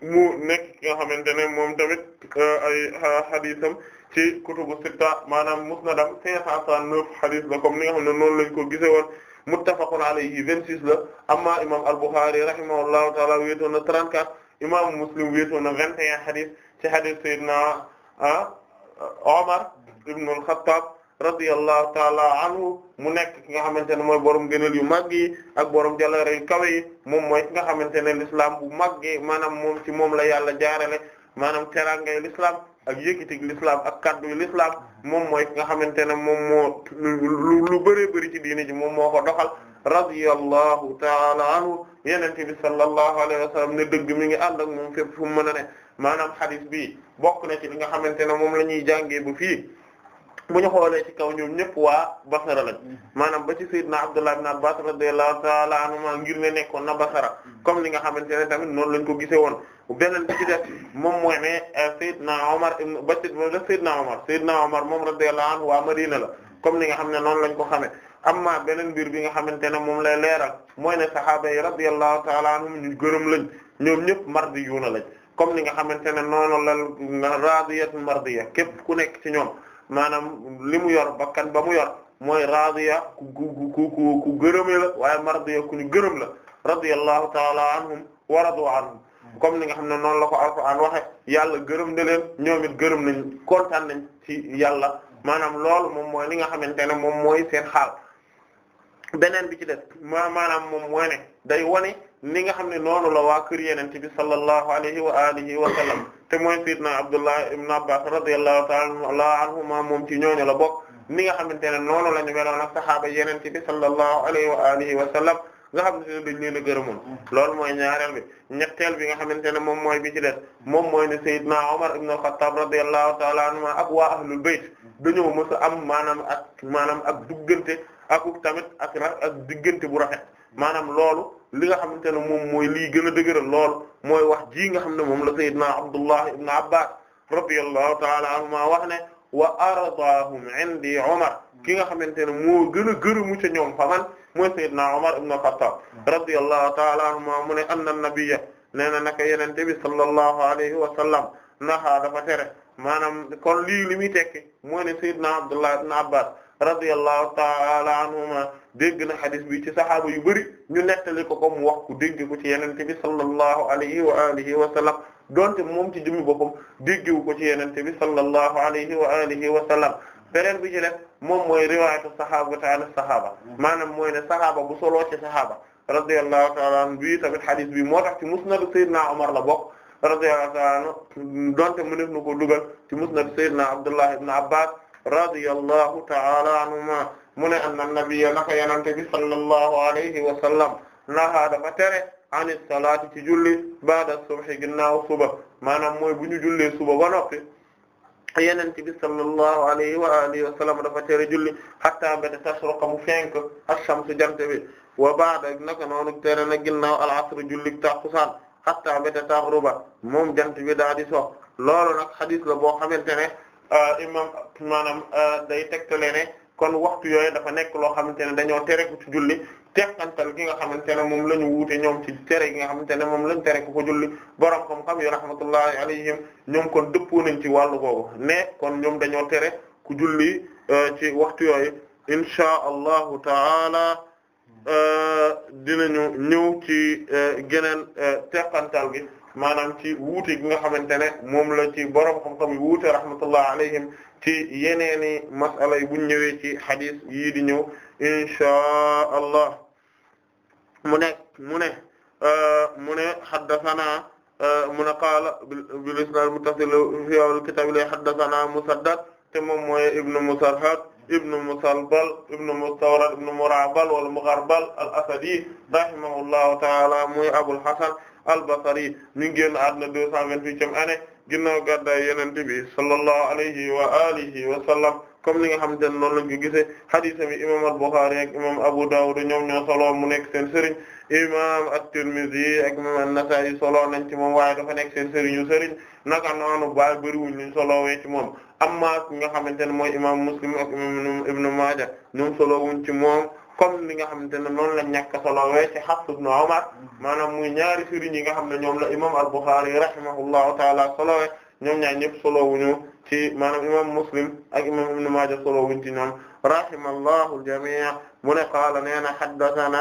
mu nekk nga xamante ne moom tamit euh, ay euh, hadisam ci kutubu sitta maanaam musnadam cinq cent soixante-neuf hadith la comme ni nga xam ne noonu lañ ko gise woon muttafaqun alayhi vingt-six la amma imam al-Bukhari rahimahullahu taala wéetoo na trente-quatre imam Muslim wéetoo na vingt et un hadith ci hadith sayyidina ah, Omar ibn al-Khattab radiyallahu taala anhu mu nekk ki nga xamante ne mooy borom gënal yu màgg yi ak borom jaloore yu kawe yi moom mooy ki nga xamante ne l'islam bu màgg maanaam moom ci moom la yàlla jaarale maanaam teraangay l'islam ak yëkkati lislaam ak kaddu l'islam moom mooy ki nga xamante ne moom moo lu lu bëree bëri ci diini ji moom moo ko doxal radiyallahu taala anhu yenente bi sallallahu alayhi wa sallam ne dëgg mi ngi ànd ak moom fépp fu mu mën a ne maanaam hadith bi bokk na ci li nga xamante ne moom la ñuy jàngee bu fii bu ñu xoolee ci kaw ñoom ñëpp waa Basra lañ mm-hmm. maanaam ba ci Seydina Abdullah ibn Abbas radiyallahu ta'ala anhuma ngir ne nekkoon na Basra mm-hmm. comme li nga xamante ne tamit noonu lañ ko gisee woon beneen bi ci moom mooy ne euh, Seydina Omar ba Seydina Omar Seydina Omar moom radiyallahu anhu waa Madina la comme li nga xam ne noonu lañ ko xamee amma beneen mbir bi nga xamante ne moom lay leeral mooy ne sahaaba yi radiyallahu ta'ala anhum ñu gërëm lañ ñoom ñëpp mardi yuuna lañ comme ni nga xamante ne noonu la radiyatun mardiya képp ku nekk ci ñoom maanaam li mu yor bakkan ba yor mooy radiya ku ku ku ku gërëme la waaye mardiya ku ñu gërëm la radiyallahu ta'ala anhum wa radu anhum comme ni nga xam ne noonu la ko alquran waxe yàlla gërëm na leen ñoom it gërëm nañ kontaan nañ ci yàlla maanaam lool moom mooy li nga xamante ne moom mooy seen xaal beneen bi ci def ma maanaam moom mooy day wane ni nga xam ne noonu la waa kër yeneen bi sallallahu alayhi wa alihi wa sallam te mooy sayyidna Abdullah ibn Abbas radiyallahu ta'ala anhuma moom ci ñooñu la bokk ni nga xamante ne noonu la ñu meloon ak saxaaba yeneen bi sallallahu alayhi wa alihi wa sallam nga xam ne dañ leen a gërëmoon loolu mooy ñaareel bi ñetteel bi nga xamante ne moom mooy bi ci des moom mooy ne sayyidna Umar ibn al-Khattab radiyallahu ta'ala anhuma ak waa ahlul bayt dañoo mës a am maanaam ak maanaam ak duggante ak tamit ak ak diggante bu rafet maanaam loolu li nga xamante ne moom mooy lii gën a dëgëral lool mooy wax ji nga xam ne moom la sayyidna Abdullah ibn Abbas radiyallahu ta'ala anhuma wax ne wa ardaahum indi Omar ki nga xamante ne moo gën a gërëmu ca ñoom fa man mooy sayyidna Omar ibn Khattab radiyallahu ta'ala anhuma mu ne anna nabiyya nee na naka yenente bi sallallahu alayhi wa sallam nahaa dafa tere maanaam kon lii li muy tekki mooy ne sayyidna Abdullah ibn Abbas radiyallahu ta'ala anhuma dégg na xadis bi ci saxaaba yu bëri ñu nettali ko comme wax ku dégg ko ci yenente bi sallallahu alayhi wa alihi wa sallam donte moom ci jëmmi boppam déggewu ko ci yenente bi sallallahu alayhi wa alihi wa sallam beneen bi ci def moom mooy riwaayatu saxaaba taala saxaaba maanaam mooy ne saxaaba bu soloo ci saxaaba radiyallahu taala anhu bii tamit xadis bi moo tax ci musnadu sayyidina Umar la bokk radiyallahu taala anhu donte mu nekk na ko dugal ci musnadu sayyidina Abdullah ibn Abbas radiyallahu taala anhuma mu ne anna nabiyya naka yenante bi sallallahu alayhi wa sallam naha dafa tere ani salaati ci julli ba'da subhi ginnaaw suba maanaam mooy bu ñu jullee suba ba noppi yenente bi sallallahu alayhi wa alihi wa sallam dafa tere julli hatta mbéte tasroka mu fenk ash-shamsu jant bi wa ba'da naka noonu tere na ginnaaw al-asr julli tàkkusaan hatta mbéte taghruba moom jant bi daa di sox loolu nag hadith la boo xamante ne euh, imam maanaam euh, day tegtale ne kon waxtu yooyu dafa nekk loo xamante ne dañoo tere ko ci julli teqantal gi nga xamante ne moom la ñu wuute ñoom ci tere gi nga xamante ne moom lañ tere ko ko julli borom xam-xam yi rahmatullahi alayhim ñoom kon dëppoo nañ ci wàllu boobu ne kon ñoom dañoo tere ku julli euh, ci waxtu yooyu inchaa allahu taala euh, dinañu ñëw ci euh, geneen teqantal gi maanaam ci wuute gi nga xamante ne moom la ci borom xam-xam yi wuute rahmatullahi alayhim ci yeneeni masala yi buñ ñëwee ci xadis yii di ñëw inchaa allah mu ne mu ne euh, mu ne haddathana euh, mu ne qaala bil isnad muttasil fi awwal kitab la te moom mooy ibnu musarhad ibnu musalbal ibnu mustawrad ibnu murabal wala mugharbal al asadi rahimahullahu taala muy abul hasan al basri mi ngi génn àdduna deux cent vingt-huitième ginnaaw gàddaay yenente bi sallallahu alayhi wa alihi wa sallam comme ni nga xam ne noonu lañ ko gisee hadith bi imam al-Bukhari ak imam Abu Dawud ñoom ñoo solo mu nekk seen sëriñ imam at-Tirmidhi ak imam an-Nasa'i solo nañ ci moom waaye dafa nekk seen sëriñu sëriñ naka noonu baay bëriwuñ liñ solo wee ci moom amma ki nga xam ne mooy imam Muslim ak imam Ibn Maaja ñoom solo wuñ ci moom comme li nga xamante ne noonu lañ ñàkk solo wee ci Hafs ibn Umar mm. maanaam muy ñaari sëriñ yi nga xam ne ñoom la imam al-Bukhari rahimahullahu taala solo wee ñoom ñaar ñëpp solo wuñu ci maanaam imam Muslim ak imam Ibn Maaja solo wuñ ci ñoom rahimallahu al-jamii' mu ne qaala nee na haddathana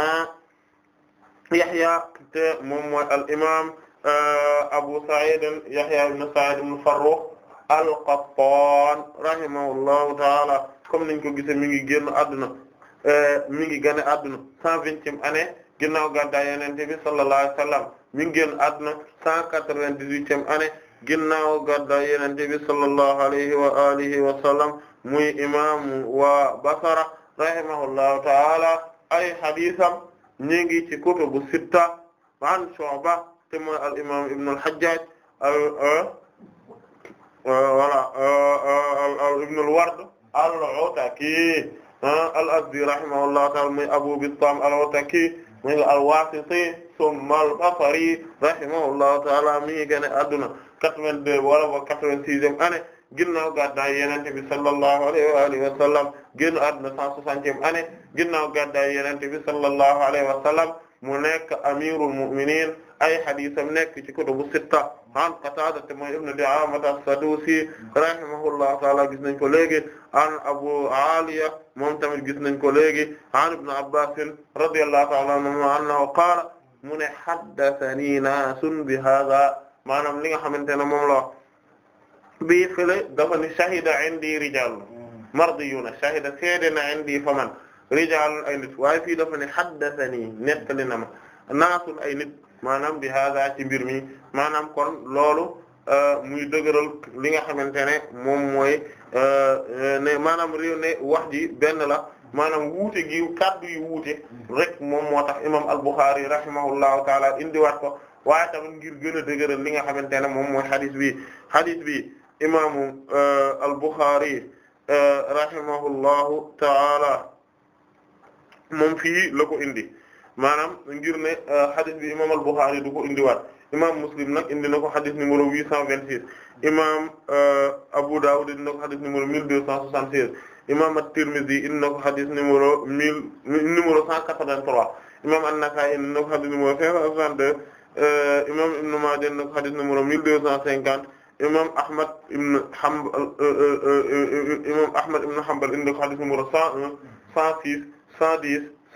Yahya te moom mooy al imam euh, Abu Sa'id Yahya ibn Sa'id ibn Farrukh al-Qattan rahimahullahu taala comme niñ ko gisee mi ngi génn àdduna Eh, mi ngi génn adduna cent vingtième année ginnaaw gàddaay yonent bi sallallahu alayhi wa sallam mi ngi génn adduna cent quatre-vingt-dix-huitième année ginnaaw gàddaay yonent bi sallallahu alayhi wa alihi wa sallam muy imaamu waa Basra rahimahullahu taala ay hadisam ñi ngi ci kutubu sitta an Shu'ba te mooy al imam Ibn al-Hajjaj euh, euh, voilà euh, al Ibn al-Ward al-Utaki Ah, al-Azdi rahimahullahu ta'ala muy Abu Bistam al-Ataki muy al-Wasiti thumma al-Basri rahimahullahu ta'ala mi ngi génn adduna 82 wala ba 86e année ginnaaw gàddaay Yonent bi sallallahu alayhi wa alihi wa sallam génn adduna 160e année ginnaaw gàddaay Yonent bi sallallahu alayhi wa sallam mu nekk amirul mu'minin ay xadisam nekk ci kutubu sitta an Qataada te mooy ibnu Di'aama as-Sadusi rahimahullahu taala gis nañ ko léegi an Abu Aliya moom tamit gis nañ ko léegi an ibnu Abbaas radiyallahu taala anhuma annahu qaala mu ne haddathanii naasun bi haadha maanaam li nga xamante ne moom la bii fële dafa ni shahida indi rijaal mardiyuuna shahida seede na indi faman rijaal ay nit waaye fii dafa ne haddathanii nettali na ma naasun ay nit maanaam bi hada ci mbir mi maanaam kon loolu euh, muy dëgëral li nga xamante ne moom mooy euh, ne maanaam réew ne wax ji benn la maanaam wuute gi kaddu yi wuute rek moom moo tax imam al-Bukhari rahimahullahu taala indiwaat ko waaye tamit ngir gën a dëgëral li nga xamante ne moom mooy hadith bi hadith bi imaamu euh, al-Bukhari rahimahullahu taala moom fii la ko indi maanaam ngir ne hadith euh, bi imam al-Bukhari du ko indiwaat imam Muslim nag indi na ko hadith numéro 826 imam euh, Abu Dawud indi na ko hadith numéro 1276 imam at-Tirmidhi indi na ko hadith numéro 1000 numéro 183 imam an-Nasa'i indi na ko hadith numéro 562 imam Ibn Majah indi na ko hadith numéro 1250 imam Ahmad ibn Hanbal euh, ibn Hanbal indi na ko hadith numéro 101 106 110 118 130 272 355 ak 364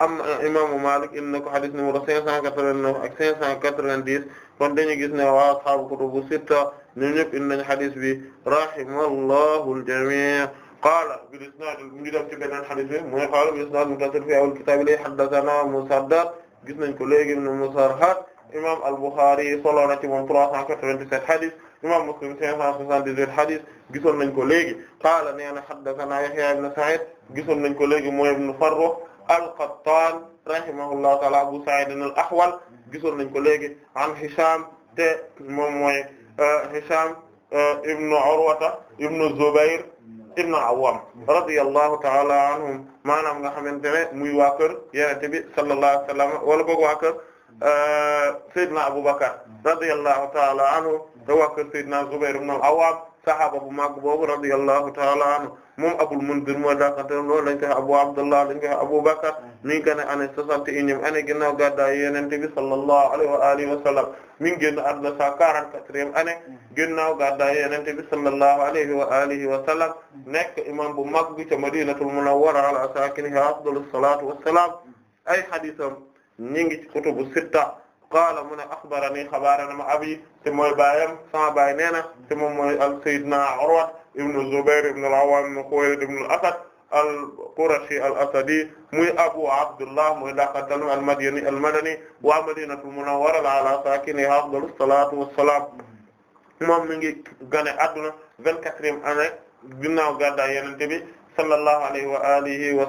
am imaamu Malik indi na ko xadis numéro 589 ak 590 kon dañu gis ne waa ashaabu kutubu sitta ñoom ñëpp indi nañu xadis bi rahimallahu al-jamii' qaala bil isnaad mu ngi def ci beneen xadis bi mooy qaala bil isnaad muttasil fi awwal kitaab li haddathanaa Musaddad gis nañ ko léegi ibn Musarhad imaam al-Bukhari solo na ci moom 397 xadis imam Muslim cinq cent soixante-dix-huit hadith gisoon nañ ko léegi qaala nee na haddathana Yahya ibn Sa'id gisoon nañ ko léegi mooy ibn Farrukh al-Qattan rahimahullahu ta'ala Abu Sa'id al-Ahwal gisoon nañ ko léegi an Hisham te moom mooy euh, Hisham euh, ibn Urwata ibn Zubair ibn Awwam radiyallahu ta'ala anhum maanaam nga xamante ne muy waa kër Yonent bi sallallahu alayhi wa sallam wala boog waa kër Euh, Seydina Aboubacar radiyallahu ta'ala anhu te waa kër Seydina Zubayr ibn al-Awwam saxaaba bu màgg boobu radiyallahu ta'ala anhu moom Abul Munzir mooy dàqanteelam loolu lañ koy wax Abu Abdullah lañ koy wax Aboubacar mi ngi génn année soixante et unième année ginnaaw gàddaay Yonent bi sallallahu alayhi wa alihi wa sallam mi ngi génn àdduna cent quarante-quatrième année ginnaaw gàddaay Yonent bi sallallahu alayhi wa alihi wa sallam nekk imam bu mag bi ca Madinatul Munawwara ala saakinihaa afdalus salaatu wassalaam ay hadiisam ñi ngi sitta qaala mu ne axbarani ma abi te mooy baayam sama baay nee na te moom mooy al sayyidina Urwa ibnu asad al-Qurashi al-Asadi muy Abu Abdullah muy laqatal al-Madani wa Madinatul Munawwara ala saakinihaa afdalu salaatu wassalaam moom mi ngi gane adduna vingt-quatrième année ginnaaw gàddaay Yonent bi sallallahu alayhi wa alihi wa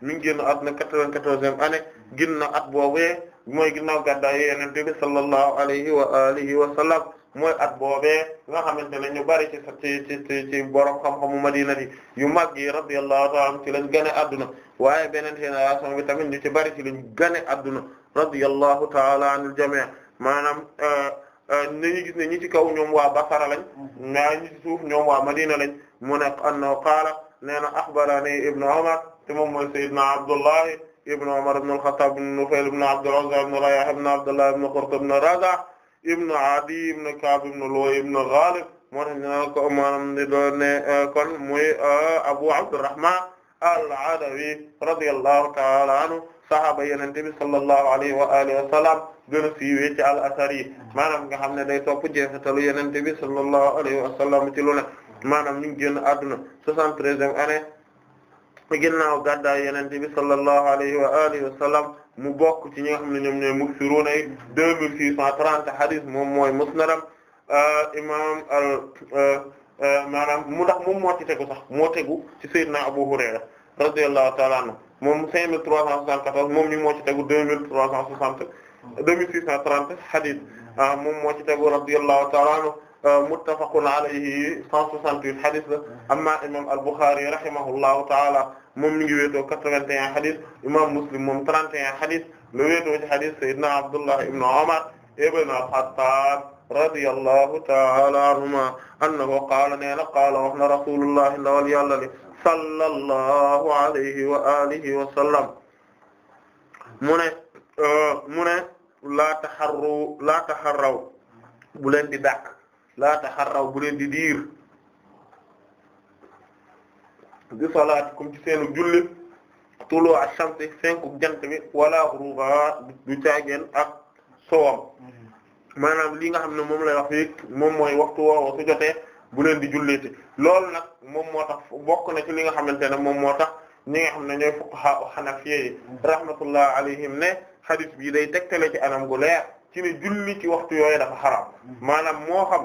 mi ngi génn àdduna quatre-vingt-quatorzième année ginna at boobee mooy ginnaaw gàddaay Yonent bi sallallahu alayhi wa alihi wa sallam mooy at boobee nga xamante ne ñu bari ci ci ci ci borom xam-xamu Madina yi yu mag yi radiyallahu ta'ala anhum ci lañ gane adduna waaye beneen génération bi tamit ñu ci bari ci lañ gane adduna radiyallahu ta'ala anil jami' maanaam euh, euh, nañu gis ne ñi ci kaw ñoom waa Basra lañ naa ñi ci suuf ñoom waa Madina lañ mu ne annahu qaala nee na akhbarani Ibnu Umar te moom mooy Seydina Abdullah ibn Umar ibn al-Khattab ibn Nufayl ibn Abdul Uzza ibn Rayah ibn Abdullah ibn Qurt ibn Raza' ibn Adi ibn Ka'b ibn Lu'ay ibn Ghalib moo tax ñu naan ko maanaam di doon ne euh, kon muy euh, Abu Abdurrahman al-Adawi radiyallahu ta'ala anhu sahaaba yenente bi sallallahu alayhi wa alihi wa sallam gën a siiwee ci al asar yi maanaam nga xam ne day topp jeexitalu yenente bi sallallahu alayhi wa sallam ci lu ne maanaam ñu ngi génn àdduna soixante-treizième année te ginnaaw gàddaay yenente bi sallallahu alayhi wa alihi wa sallam mu bokk ci ñi nga xam ne ñoom ñooy muksiruna yi deux mille six cent trente hadis moom mooy musnadam euh, imam al euh, euh, maanaam mu ndax moom moo ci tegu sax moo tegu ci sayyidina Abu Hurayra radiyallahu ta'ala anhu moom cinq mille trois cent soixante-quatorze moom ñu moo ci tegu deux mille trois cent soixante deux mille six cent trente hadis moom moo ci tegu radiyallahu ta'ala anhu Euh, muttafaqun alayhi 168 hadith la mm-hmm. amma imam al-Bukhari rahimahullahu ta'ala moom mi ngi wéetoo 81 hadith imam Muslim moom 31 hadith la wéetoo ci hadith sayyidina Abdullah ibn Umar ibn al-Khattab radiyallahu ta'ala anhuma annahu qaala nee na qaala wax na rasulullah ndawal yàlla li sallallahu alayhi wa alihi wa sallam mu ne euh, mu ne laa taxarru laa taxarraw bu leen di dàq laa taxarraw bu leen di diir di salaat comme ci seenu julli tuloo ak shamsi fenku jant bi wala ghuruba du caageen ak sowam maanaam li nga xam ne moom lay wax fii moom mooy waxtu woowo su jotee bu leen di julleeti loolu nag moom moo tax bokk na ci li nga xamante ne moom moo tax ñi nga xam ne ñooy fuqaha u hanafiyya yi rahmatullah ne hadith bii day tegtale ci anam gu leer ci ne julli ci waxtu yooyu dafa xaraam maanaam moo xam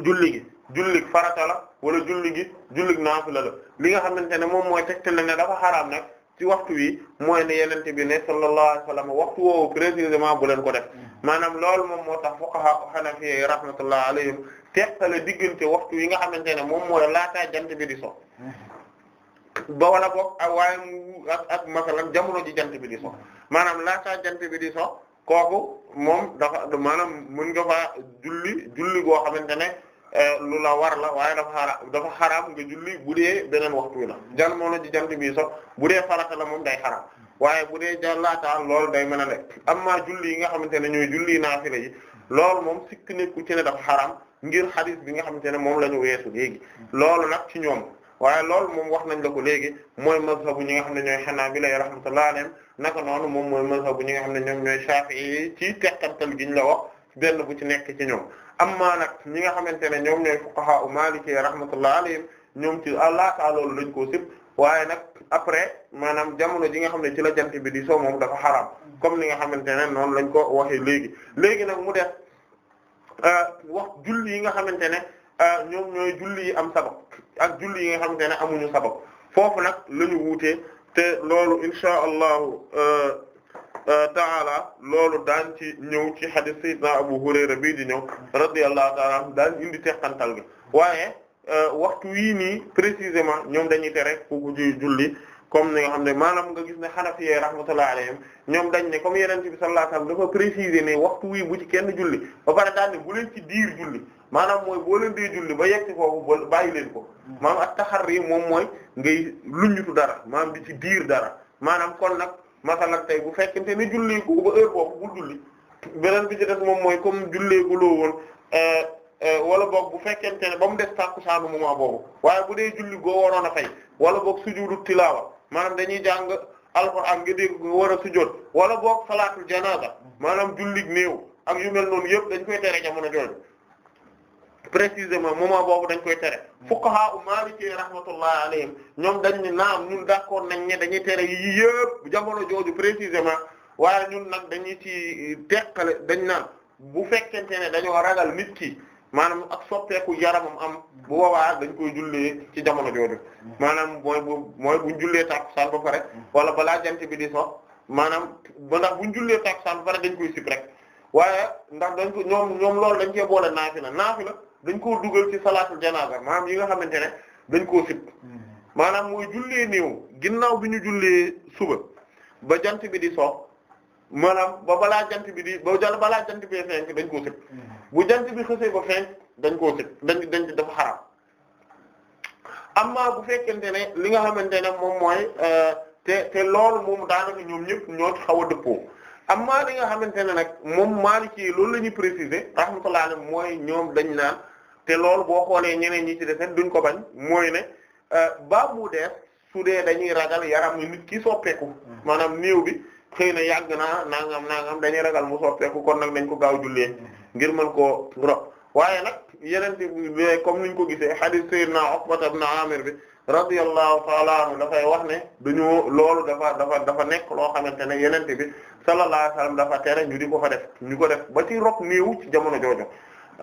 julli gi jullig farata la wala julli gi jullig naafila la li nga xamante ne moom mooy tegtal ne dafa xaram ne ci waxtu wi mooy ne yenente bi ne sallallahu alayhi wasallam waxtu woowu précisément bu leen ko def maanaam loolu moom moo tax fuqaha hanafiyyi rahmatullah alayhim teqale diggante waxtu yi nga xamante ne moom mooy laataa jant bi di so ba wala boog ak waaye ak ak masalan jamono ji jant bi di so maanaam kooku moom dafa maanaam mën nga faa julli julli goo xamante ne eh, lu la war la waaye dafa xaraam dafa xaraam nga julli bu dee beneen waxtu wi la jal moo la ci jant bii so bu dee farata la moom day xaraam waaye bu dee jàll laataan loolu day mën ne nekk amma julli yi nga xamante ne ñooy julli naafila yi loolu moom sikk ku ci ne dafa xaraam ngir xadis bi nga xamante ne moom la ñu weesu léegi loolu nag ci ñoom waaye loolu moom wax nañ la ko léegi mooy mazhabu ñi nga xam ne ñooy Hanaabila rahmatullahi alayhim naka noonu moom mooy mazhabu ñi nga xam ne ñoom ñooy Shaafi'i ci tekkantal gi ñu la wax benn bu ci nekk ci ñoom amma nag ñi nga xamante ne ñoom ñooy fuqaha Maliki rahmatullahi alayhim ñoom ci àllaataa loolu lañ koo sib waaye nag après maanaam jamono ji nga xam ne ci la jant bi di soo moom dafa xaraam comme ni nga xamante ne noonu lañ ko waxee léegi léegi nag mu def euh, wax julli yi nga xamante ne euh, ñoom ñooy julli yi am sabab ak julli yi nga xamante ne amuñu sabab foofu nag la ñu te loolu insha allahu euh, euh, taala loolu daan ci ñëw ci hadith sayyidina Abu Hurayra bii di ñëw radiyallahu taala anhu daan indi teqantal gi waaye euh, waxtu wii nii précisément ñoom dañuy tere ku ji julli comme ni nga xam ne maanaam nga gis ne Hanafiyya rahmatullahi alayhim ñoom dañ ne comme Yonent bi sallallahu alayhi wasallam dafa préciser ne waxtu wii bu ci kenn julli ba pare daan ne bu leen ci diir julli maanaam mooy boo leen dee julli ba yegg ci foofu ba bàyyi leen ko maanaam ak taxarri moom mooy ngay luññutu dara maanaam di ci diir dara maanaam kon nag masalak tey bu fekkente ne julli ko ba heure boobu bu julli beneen bi ci def moom mooy comme jullee woon euh, euh, wala boog bu fekkente ne ba mu des tàkkusaanu moment boobu waaye bu dee julli goo waroon a fay wala boog sujudu tilaawa maanaam dañuy jàng alxuraan nga dégg nga war a sujood wala boog salaatul janaza maanaam jullig néew ak yu mel noonu yëpp dañ koy tere jamono jooju précisément moment boobu dañ koy tere fuqaha u maliki rahmatullah alayhim ñoom dañ ne naam ñun d'accord nañ ne dañuy tere yi yëpp jamono jooju précisément waaye ñun nag dañuy ci teqale dañ naan bu fekkente ne dañoo ragal nit ki maanaam ak soppeeku yaramam am bu boobaa dañ koy jullee ci jamono jooju maanaam mooy bu mooy buñ jullee tàkkusaan ba pare wala balaa jant bi di so maanaam ba ndax buñ jullee tàkkusaan ba pare dañ koy sib rek waaye ndax dañ ñoom ñoom loolu dañ cee boole naafila naafila dañ koo dugal ci salaatul janaasa maanaam yi nga xamante ne dañ koo sib hmm. maanaam mooy jullee néew ginnaaw bi ñu jullee suba ba jant bi di soog maanaam ba balaa jant bi di ba jàll balaa jant bi fenk dañ koo sib hmm. bu jant bi xësee ba fenk dañ koo sib dañ dañ dafa xaraam amma bu fekkente ne li nga xamante ne moom mooy euh, te te loolu moom daanaka ñoom ñëpp ñoo ci a dëppoo amma li nga xamante ne nag moom maa Maliki loolu lañuy ñuy préciser rahmatullah alayhi mooy ñoom dañ naa te loolu boo xoolee ñeneen ñi ci def duñ ko bañ mooy ne euh, ba mu def su dee dañuy ragal yaram ñu nit ki soppeeku mm-hmm. maanaam néew bi xëy na yàgg naa nangam nangam dañuy ragal mu soppeeku kon nag dañ ko gaaw jullee mm-hmm. ngir mën koo rob waaye nag yeneen bi comme ñu ko gisee hadith sayyidina Uqbata na Amir bi radiyallahu ta'ala anhu dafay wax ne duñu loolu dafa dafa dafa nekk loo xamante ne yeneen bi sallallahu alayhi wasallam dafa tere ñu di ko fa def ñu ko def ba ci rob néew jamono joojo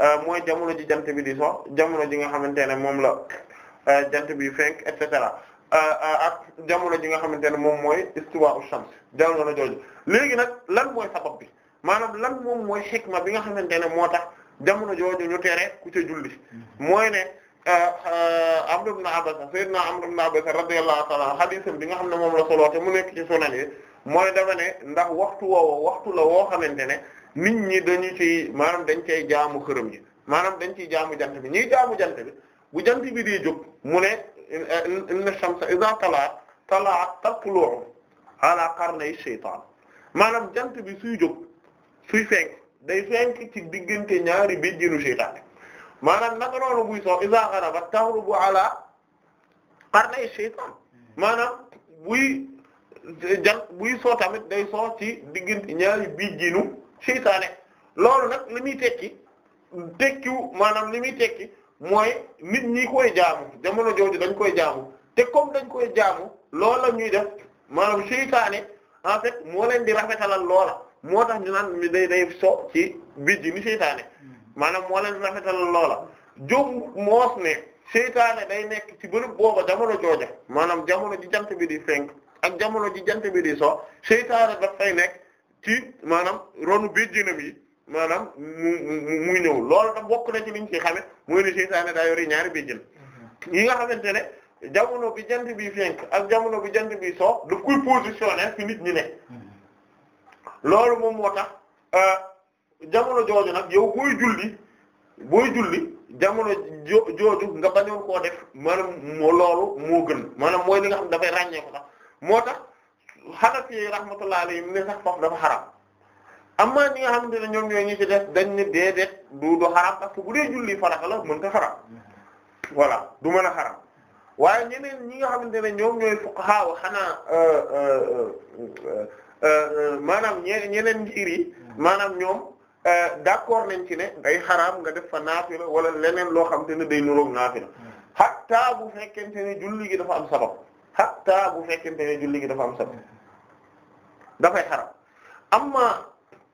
Euh, mooy jamono ji jant bi di so jamono ji nga xamante ne moom la euh, jant bi fenk et euh, ak jamono ji nga xamante ne moom mooy istiwa ash-shams jamono jooju léegi nag lan mooy sabab bi maanaam lan moom mooy xikma bi nga xamante ne moo tax jamono jooju ñu tere ku ca julli mooy ne Amr ibn Abasa sayyidina Amr ibn Abasa radiyallahu ta'ala hadisam bi nga xam ne moom la soloote mu nekk ci sunan yi mooy dafa ne ndax waxtu woowo waxtu la woo xamante ne nit ñi dañu ci maanaam dañ cay jaamu këram yi maanaam dañ ciy jaamu jant bi ñiy jaamu jant bi bu jant bi di jóg mu ne inna shamsa idha talaat talaat tatlu'u ala qarnay shaytaan maanaam jant bi suy jóg suy fenk day fenk ci diggante ñaari béjjénu shaytaan maanaam naka noonu buy soo idha gharabat taghrubu ala qarnay shaytaan maanaam buy buy soo tamit day soo ci diggante ñaari béjjénu seytaane loolu nag li muy tekki tekkiwu maanaam li muy tekki mooy nit ñi koy jaamu jamono jooju dañ koy jaamu te kom dañ koy jaamu loolu la ñuy def maanaam seytaane en moo leen di rafetalal loola moo tax ñu naan day day soo ci bij ji ni seytaane maanaam moo leen di rafetalal loola jom moos ne seytaane day nekk ci bërëb booba jamono jooja maanaam jamono ji jant bi di fenk ak jamono ji jant bi di so seytaane daf tay nekk ci maanaam ronu béjjénam yi maanaam mu mu muy ñëw loolu tam bokk na ci liñ ci xame mooy ne seytaane daa yori ñaari béjjén mhm. yi nga xamante ne jamono bi jant bi fenk ak jamono bi jant bi soo daf koy positionné fi nit ñi ne mhm. loolu moom moo tax euh, jamono jooju nag yow booy julli booy julli jamono jo jooju nga bañoon koo def maanaam moo loolu moo gën maanaam mooy li nga xam dafay ràññee ko sax moo tax Hanafi yi rahmatullahi alayhim ne sax foofu dafa xaram amma ñi nga xamante ne ñoom ñoo ñu ci def dañ ne déedéet du du xaram parce que bu dee julli farata la mën ta xaram voilà du mën a xaram waaye ñeneen ñi nga xamante ne ñoom ñooy fuqaha wa xanaa euh, euh, euh, maanaam ñe ñeneen njiir maanaam ñoom d'accord nañ ci ne ngay xaraam nga def fa naafila wala leneen loo xamante ne day nuroog naafila hmm. hatta bu fekkente ne julli gi dafa am sabab hatta bu fekkente ne julli gi dafa am sabab dafay xaram amma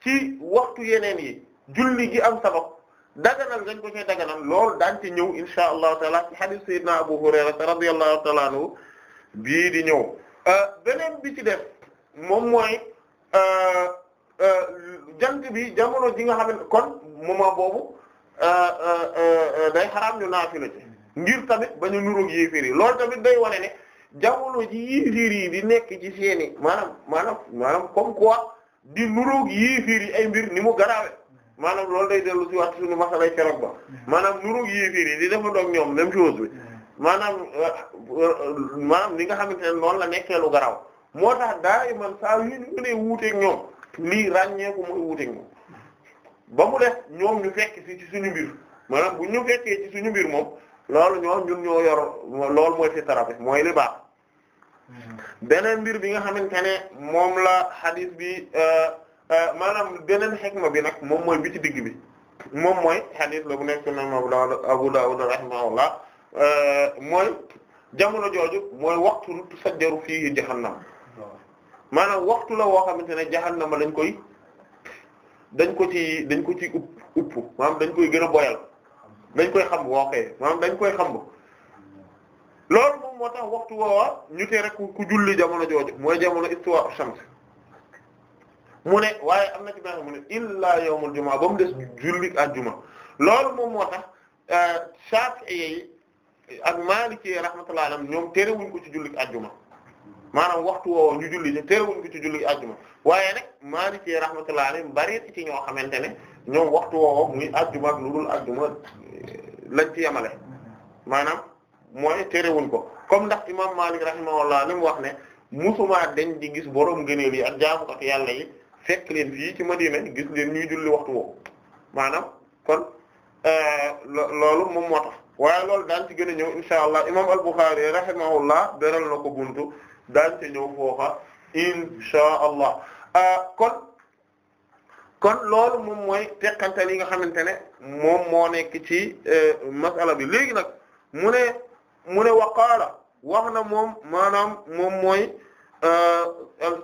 ci waxtu yeneen yi julli gi am sabab daganal ngañ ko cay daganal loolu daan ci ñëw insha allahu taala ci hadith sayyidina Abu Hurayra radiyallahu taala anhu bii di ñëw euh, beneen bi ci def moom mooy euh, euh, jant bi jamono ji nga xam ne kon moment boobu day xaraam ñu naafila ci ngir tamit bañu nuroog yéeféer yi tamit day wane ne jamono ji yéeféer yi di nekk ci seeni maanaam maanaam maanaam comme quoi di nuroog yéeféer yi ay mbir ni mu garaawe maanaam loolu day dellu ci waxtu suñu masalay maanaam nuroog yéeféer yi di doog ñoom même chose maanaam euh, maanaam li nga xamante ne noonu la nekkee lu garaaw moo tax daay man saa lii ràññeeku mooy wuuteeg def ñoom ñu fekk ci suñu mbir maanaam bu ñu suñu mbir moom loolu ñoo ñun ñoo yor loolu mooy fitra bi mooy li baax hmm. beneen mbir bi nga xamante ne moom la xadis bi euh, euh, maanaam beneen xikma bi nag moom mooy bi ci digg bi moom mooy xadis la bu nekk na Abu Dawud Abu Dawud euh, mooy jamono jooju mooy waxtu tusajjaru fii jahannam maanaam waxtu la woo xamante ne jahannama dañ koy dañ ko ci dañ ko ci upp upp maanaam dañ koy gën a boyal dañ koy xam wookee maanaam dañ koy xam loolu moom moo tax waxtu woowa ñu te ku julli jamono jooju mooy jamono istiwa shams mu ne waaye am na ci benn mu ne illa yawmul jumaa ba mu des julli àjjuma loolu moom moo tax euh, Shafi'i ak Maliki rahmatullahi alayhim ñoom terewuñ ko ci julli àjjuma maanaam waxtu woowa ñu julli terewuñ ko ci julli àjjuma waaye nag Maliki rahmatullahi alayhim bari ci ñoo xamante ne. ñoom waxtu woowo muy ajjuma ak lu dul ajjuma eh, lañ ci yamale maanaam mooy terewuñ ko comme ndax imam Malik rahimahullah li wax ne musumaa dañ di gis borom ngëneel yi ak jaamu ak yàlla yi fekk leen fii ci Madina gis leen ñuy julli waxtu woowu maanaam kon eh, loolu moom moo tax waaye loolu daal ci gën a ñëw insha allah imam al-Bukhari rahimahullah beral na ko buntu daan ci ñëw foofa insha allah eh, kon kon loolu moom mooy teqantal yi nga xamante ne moom moo nekk ci euh, masala bi léegi nag mu ne mu ne waqaala wax na moom maanaam moom mooy euh,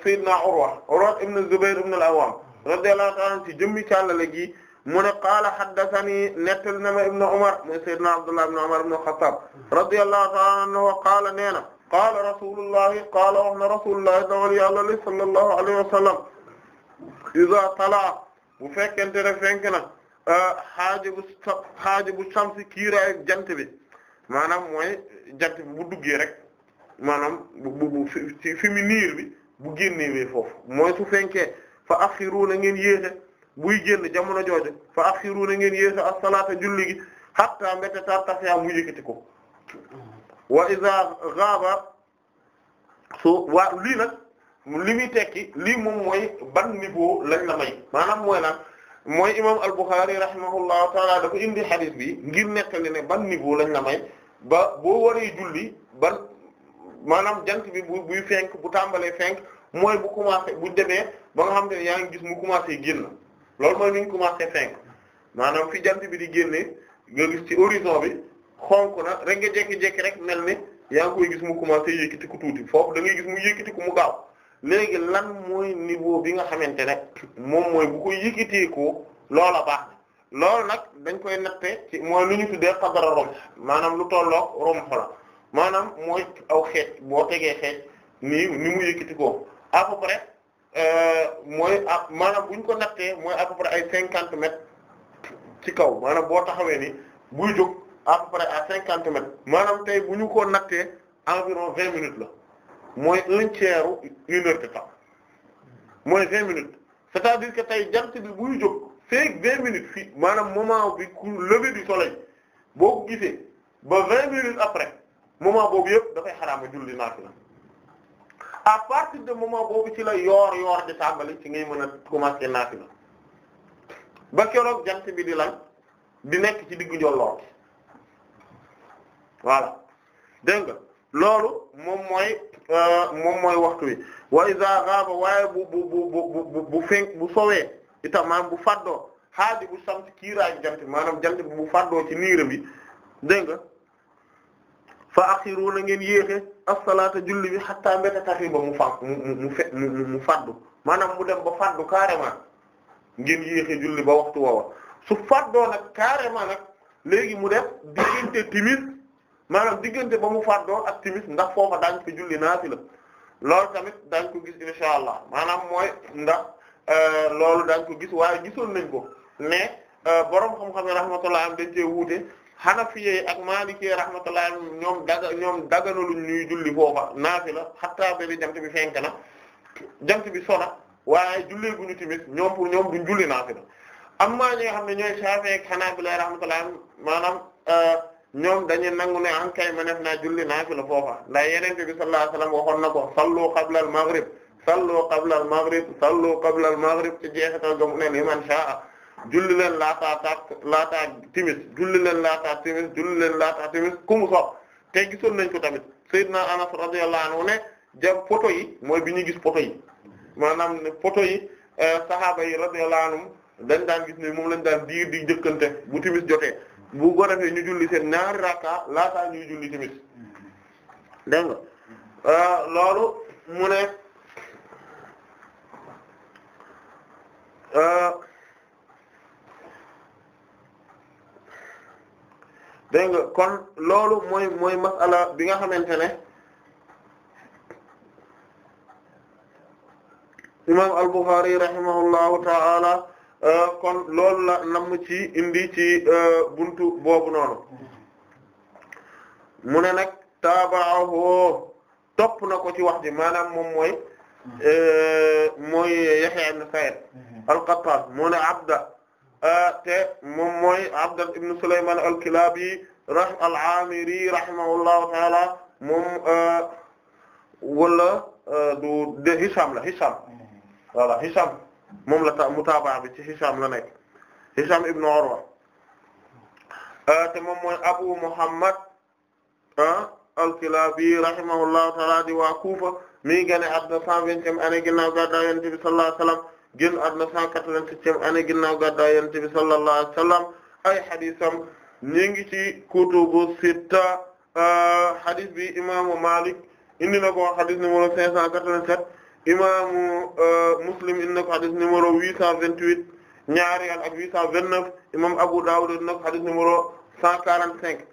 sayyidna Urwa Urwa ibn Zubayr ibn al-Awwam radiyallahu ta'ala ci jëmmi càllale gi mu ne qaala haddathani nettal na ma ibn Umar mooy Seydina Abdullah ibn Umar ibn Khattab radiyallahu ta'ala anhu wa qaala nee na qaala rasulullahi qaala wax na rasulullahi dawal yàlla li sallallahu alayhi wa sallam iza tala bu fekkente ne fenk na xaajabu xaajabu samsi kiiraay jant bi maanaam mooy jant bu duggee rek maanaam bu bu ci fi mu niir bi bu génnewee foofu mooy su fenkee fa axiru na ngeen yéexe buy génn jamono jooju fa axiru na ngeen yéexe as-salaata julli gi hatta mbéta tartafiya mu ko wa iza ghaaba su waa lii li muy tekki lii moom mooy ban niveau lañ la may maanaam mooy la mooy imam al-Bukhari rahimahullahu taala dafa indi hadith bi ngir nettali ne ban niveau lañ la may ba boo waree julli ban maanaam jant bi bu buy fenk bu tàmbalee fenk mooy bu commencé bu demee ba nga xam ne yaa ngi gis mu commencé génn loolu mooy ni ñu commencé fenk maanaam fi jant bi di génnee nga gis ci horizon bi xonk na rek nga jekki jékki rek mel ni yaa ngi koy gis mu commencé yëkkati ku tuuti foofu da ngay gis mu yëkkati ku mu gaaw léegi lan mooy niveau bi nga xamante ne moom mooy bu ko yëkkiteekoo loola baax na loolu nag dañ koy natte ci mooy lu ñu tuddee xadara romx maanaam lu tolloo romx la maanaam mooy aw xeet boo tegee xeet nii ni mu yëkkitikoo à peu près euh, mooy ah maanaam bu ñu ko nattee mooy à ay cinquante mètres ci kaw maanaam boo taxawee ni buy jóg à peu à cinquante mètres maanaam tey bu ñu ko nattee environ vingt minutes la mooy un tiers une heure de temps mooy vingt minutes c'est-à-dire que tey jant bi buy jóg feek vingt minutes fii maanaam moment bi ku lever du soleil boo ko ba vingt minutes après moment boobu yëpp dafay xaraama julli naafila à partir de moment boobu ci la yoor yoor di tàmbali ci ngay mën a commencer naafila ba keroog jant bi di lan di nekk ci diggu njolloor voilà dégg nga loolu moom mooy Euh, moom mooy waxtu wi wa iza ghaba waaye bu bu bu bu bu fenk bu sowee itam bu faddoo haadi bu sam ci kiiraay jant bi maanaam jant bi bu faddoo ci niira bi dégg nga fa axiru na ngeen yéexe as-salaata julli bi hatta mbéta taxi ba mu fa faddu maanaam mu dem ba faddu carrément ngeen yéexe julli ba waxtu woowa su faddoo nag carrément nag léegi mu def diggante timis maanaam diggante ba mu fàttoo ak timis ndax foofa daañ ko julli naafila lool tamit daañ ko gis insha allah maanaam mooy ndax euh, loolu daañ ko gis waaye gisoon nañ ko mais euh, boroom xam-xam yi rahmatullah am dañ cee wuute Hanafiyye ak Maalikiyye rahmatullah am ñoom daga ñoom daganaluñ ñuy julli foofa naafila xattaa ba bi jant bi fenk na jant bi sona waaye jullee guñu timis ñoom pour ñoom duñ julli naafila am maa ñi xam ne ñooy Shaafi'i ak Hanaabila rahmatullah maanaam euh, ñoom dañu nangu ne an kay ma def naa julli naafila foofa ndax yenente bi sallallahu alayhi wasallam waxoon na ko sallu qabla al maghrib sallu qabla al maghrib sallu qabla al maghrib ci jeexital ga mu ne liman sha'a julli leen laataa tak laataa timis julli leen laataa timis julli leen laataa timis ku mu te gisoon nañ ko tamit sayyidina anas radiyallahu anhu ne jam poto yi mooy bi ñu gis poto yi maanaam ne poto yi eh, sahaaba yi radiyallahu anhum dañ daan gis ne moom lañ daan diir di jëkkante bu timis jotee bu ko defee ñu julli seen ñaari rakka laataa ñu julli tamit dégg nga euh, loolu mu ne euh, dégg nga kon loolu mooy mooy masala bi nga xamante ne imam al-Bukhari rahimahullahu ta'ala Euh, kon loolu la namm ci indi ci euh, buntu boobu noonu mu ne nag taabaahu topp na ko ci wax ji maanaam moom mooy euh, mooy Yahya ibn Sa'id al-Qattan mu ne Abda te moom mooy Abda ibn Sulayman al-Kilabi al-Amiri rahimahullahu ta'ala moom wala du de Hisham la Hisham voilà Hisham moom la ta mutaabaa bi ci Hisham la nekk Hisham ibn Urwa euh, te moom mooy Abu Muhammad al-Kilabi rahimahullahu ta'ala di waa Kufa mi ngi génn àdduna 120e année ginnaaw gàddaay Yonent bi sallallahu sallam génn àdduna 187e année ginnaaw gàddaay Yonent bi sallallahu alayhi sallam ay xadisam ñi ngi ci kutubu sitta xadis euh, bi imaamu Malik indi na ko xadis numéro 587. imaamu euh, Muslim inna ko xadis numéro 828 ñaari yoon ak 829 imam Abu Dawud inna ko xadis numéro 145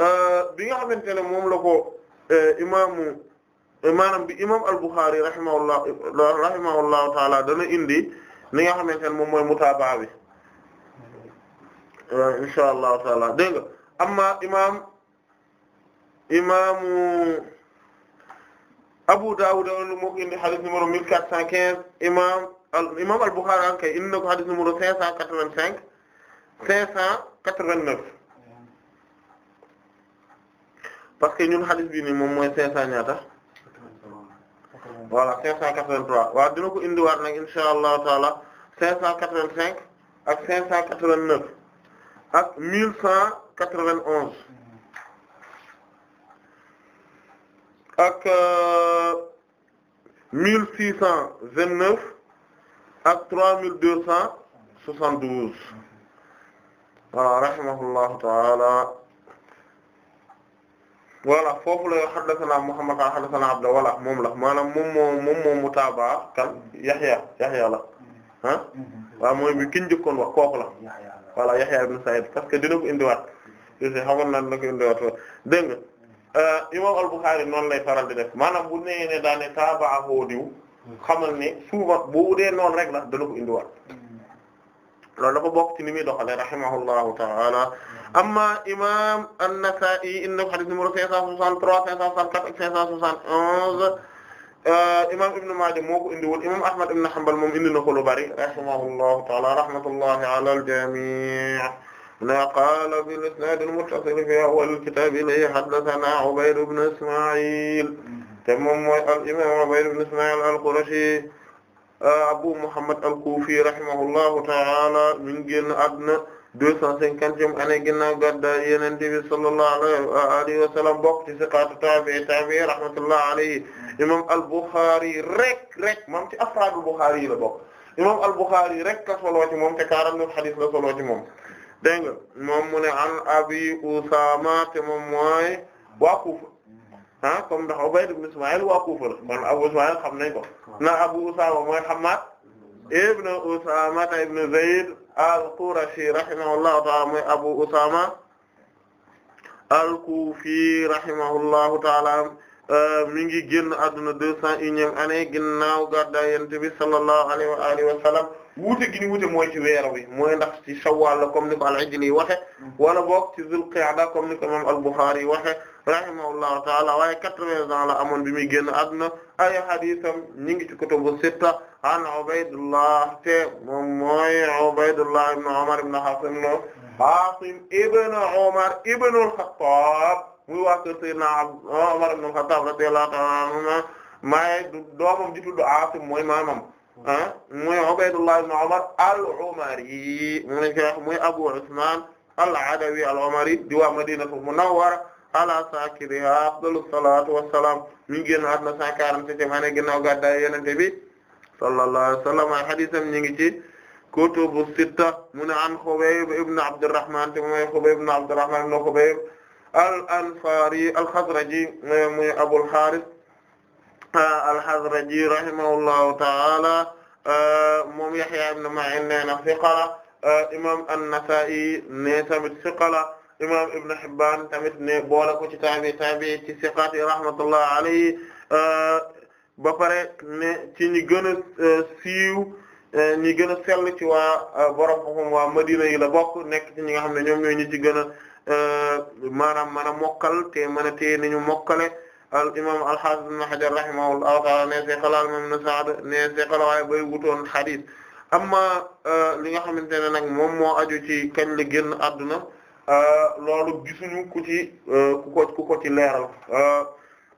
euh, bi nga xamante ne moom la ko euh, bi imam al-Bukhari rahimahullah taala dana indi li nga xamante ne moom mooy mutaabaa bi insha taala dégg nga amma imaam Abu Dawud on moo ko indi hadith numéro 1415 imam al imam al-Bukhari an kay indi na ko hadith numéro 585 589 parce que ñun hadith bi nii moom mooy 500 ñaata voilà 583 waaw dina ko indiwaat nag insha allahu taala 585 ak 589 ak 1191 ak euh, mille six cent vingt neuf ak trois mille deux cent soixante douze voilà rahimahullahu taala voilà foofu la haddathana Muhammad qala haddathana Abda wala moom la maanaam moom moo moom moo mutaaba kan Yahya Yahya la ah waaw mooy bi kiñ njëkkoon wax kooku la voilà Yahya ibn Sa'id parce que dina ko indiwaat si xamoon naa dina ko indiwaat dégg Euh, imam al-Bukhari noonu lay faral di def maanaam bu nee ne daa ne taabaahu diw xamal ne souvent boobu dee noonu rek la dana ko indiwaat loolu dafa bokk ci ni muy doxale rahimahullahu ta'ala amma imam an-Nasa'i inna hadith numéro 563 564 ak 571 euh, imam Ibn Maaja moo ko indiwul imam Ahmad ibn Hanbal moom indi na ko lu bari rahimahullahu ta'ala rahmatullahi ala al-jami' na qaala bil isnaad al muttasil fi awwal kitaab ilayhi haddathanaa Ubayd ibn Isma'il te moom mooy al imaam Ubayd ibn Isma'il al Qurashi Abu Muhammad al Kufi rahimahullahu ta'ala mi ngi génn àdduna deux cent cinquantième année ginnaaw gàddaay Yonent bi sallallahu alayhi wa alihi wa sallam bokk ci siqaatu taabi'i taabi'i rahmatullahi alayhi imaam al Bukhari rek rek moom ci afraadu Bukhari la bokk imaam al Bukhari rek ka solo ci moom te quarante-neuf hadith la solo ci moom. dégg nga moom mu ne an abi Usaama te moom mooy waa Kuufa ah comme ndax Ubayd ibn Ismaïl waa Kuufa la kon Abu Ismaïl xam nañ ko na Abu Usaama mooy Hammaad ibn Usaama ibn Zayd al-Qurashi rahimahullahu ta'ala mooy Abu Usaama al-Kufi rahimahullahu ta'ala euh, mi ngi génn àdduna deux cent unième année ginnaaw gàddaay Yonent bi sallallahu alayhi wa alihi wa sallam wuute gi ñu wuute mooy ci weer wi mooy ndax ci shawwal la comme ni ko al-Ijli waxe wala boog ci Zul Qa'da comme ko imam al-Bukhari waxe rahimahullahu taala waaye quatre-vingts ans la amoon bi muy génn àdduna ay hadisam ñi ngi ci kutubu sitta an Ubaydullah te mooy Ubaydullah ibn Umar ibn Hasim ibn Umar ibn al-Khattab muy waa kër Sayyidina Umar ibn ji tuddu Asim mooy maamam ah mooy Ubaydullah ibn Umar al-Umari moom lañ koy wax mooy Abu Usman al-Adawi al-Umari di waa Madinatu Munawwara ala sakiniha afdalu salatu wassalam mi ngi génn àdduna 147 année ginnaaw gàddaay Yonent bi sallallahu alayhi wa sallam ay hadiisam ñu ngi ci kutubu sitta mu ne an Xubayb ibn Abdurrahman te mooy Xubayb ibn Abdurrahman ibn Xubayb al-Ansari al-Khazraji mooy Abul Harith al-Hazraji rahimahullahu ta'ala uh, moom Yahya ibn Ma'in nee na thiqa la uh, imam an-Nasa'i ne tamit thiqa la imam Ibn Hibban tamit ne boole ko ci taabi taabi ci thiqaat yi rahmatullah alayhi uh, ba pare ne ci ñi gën a siiw ñi gën a sell ci waa borom xam waa Madina yi la bokk nekk ci ñi nga xam ne ñoom ñooy ñi ci gën a maanaam mën a mokkal te mën a téye ni ñu mokkale al imaam al-Haafiz ibn Hajar rahimahullahu ta'ala ne seqalaal moom na Sa'd ne seqala waaye bay wutoon xadis amma euh, li nga xamante ne nag moom moo aju ci kañ la génn àdduna euh, loolu gisuñu ku ci euh, ku ko ku ko ci leeral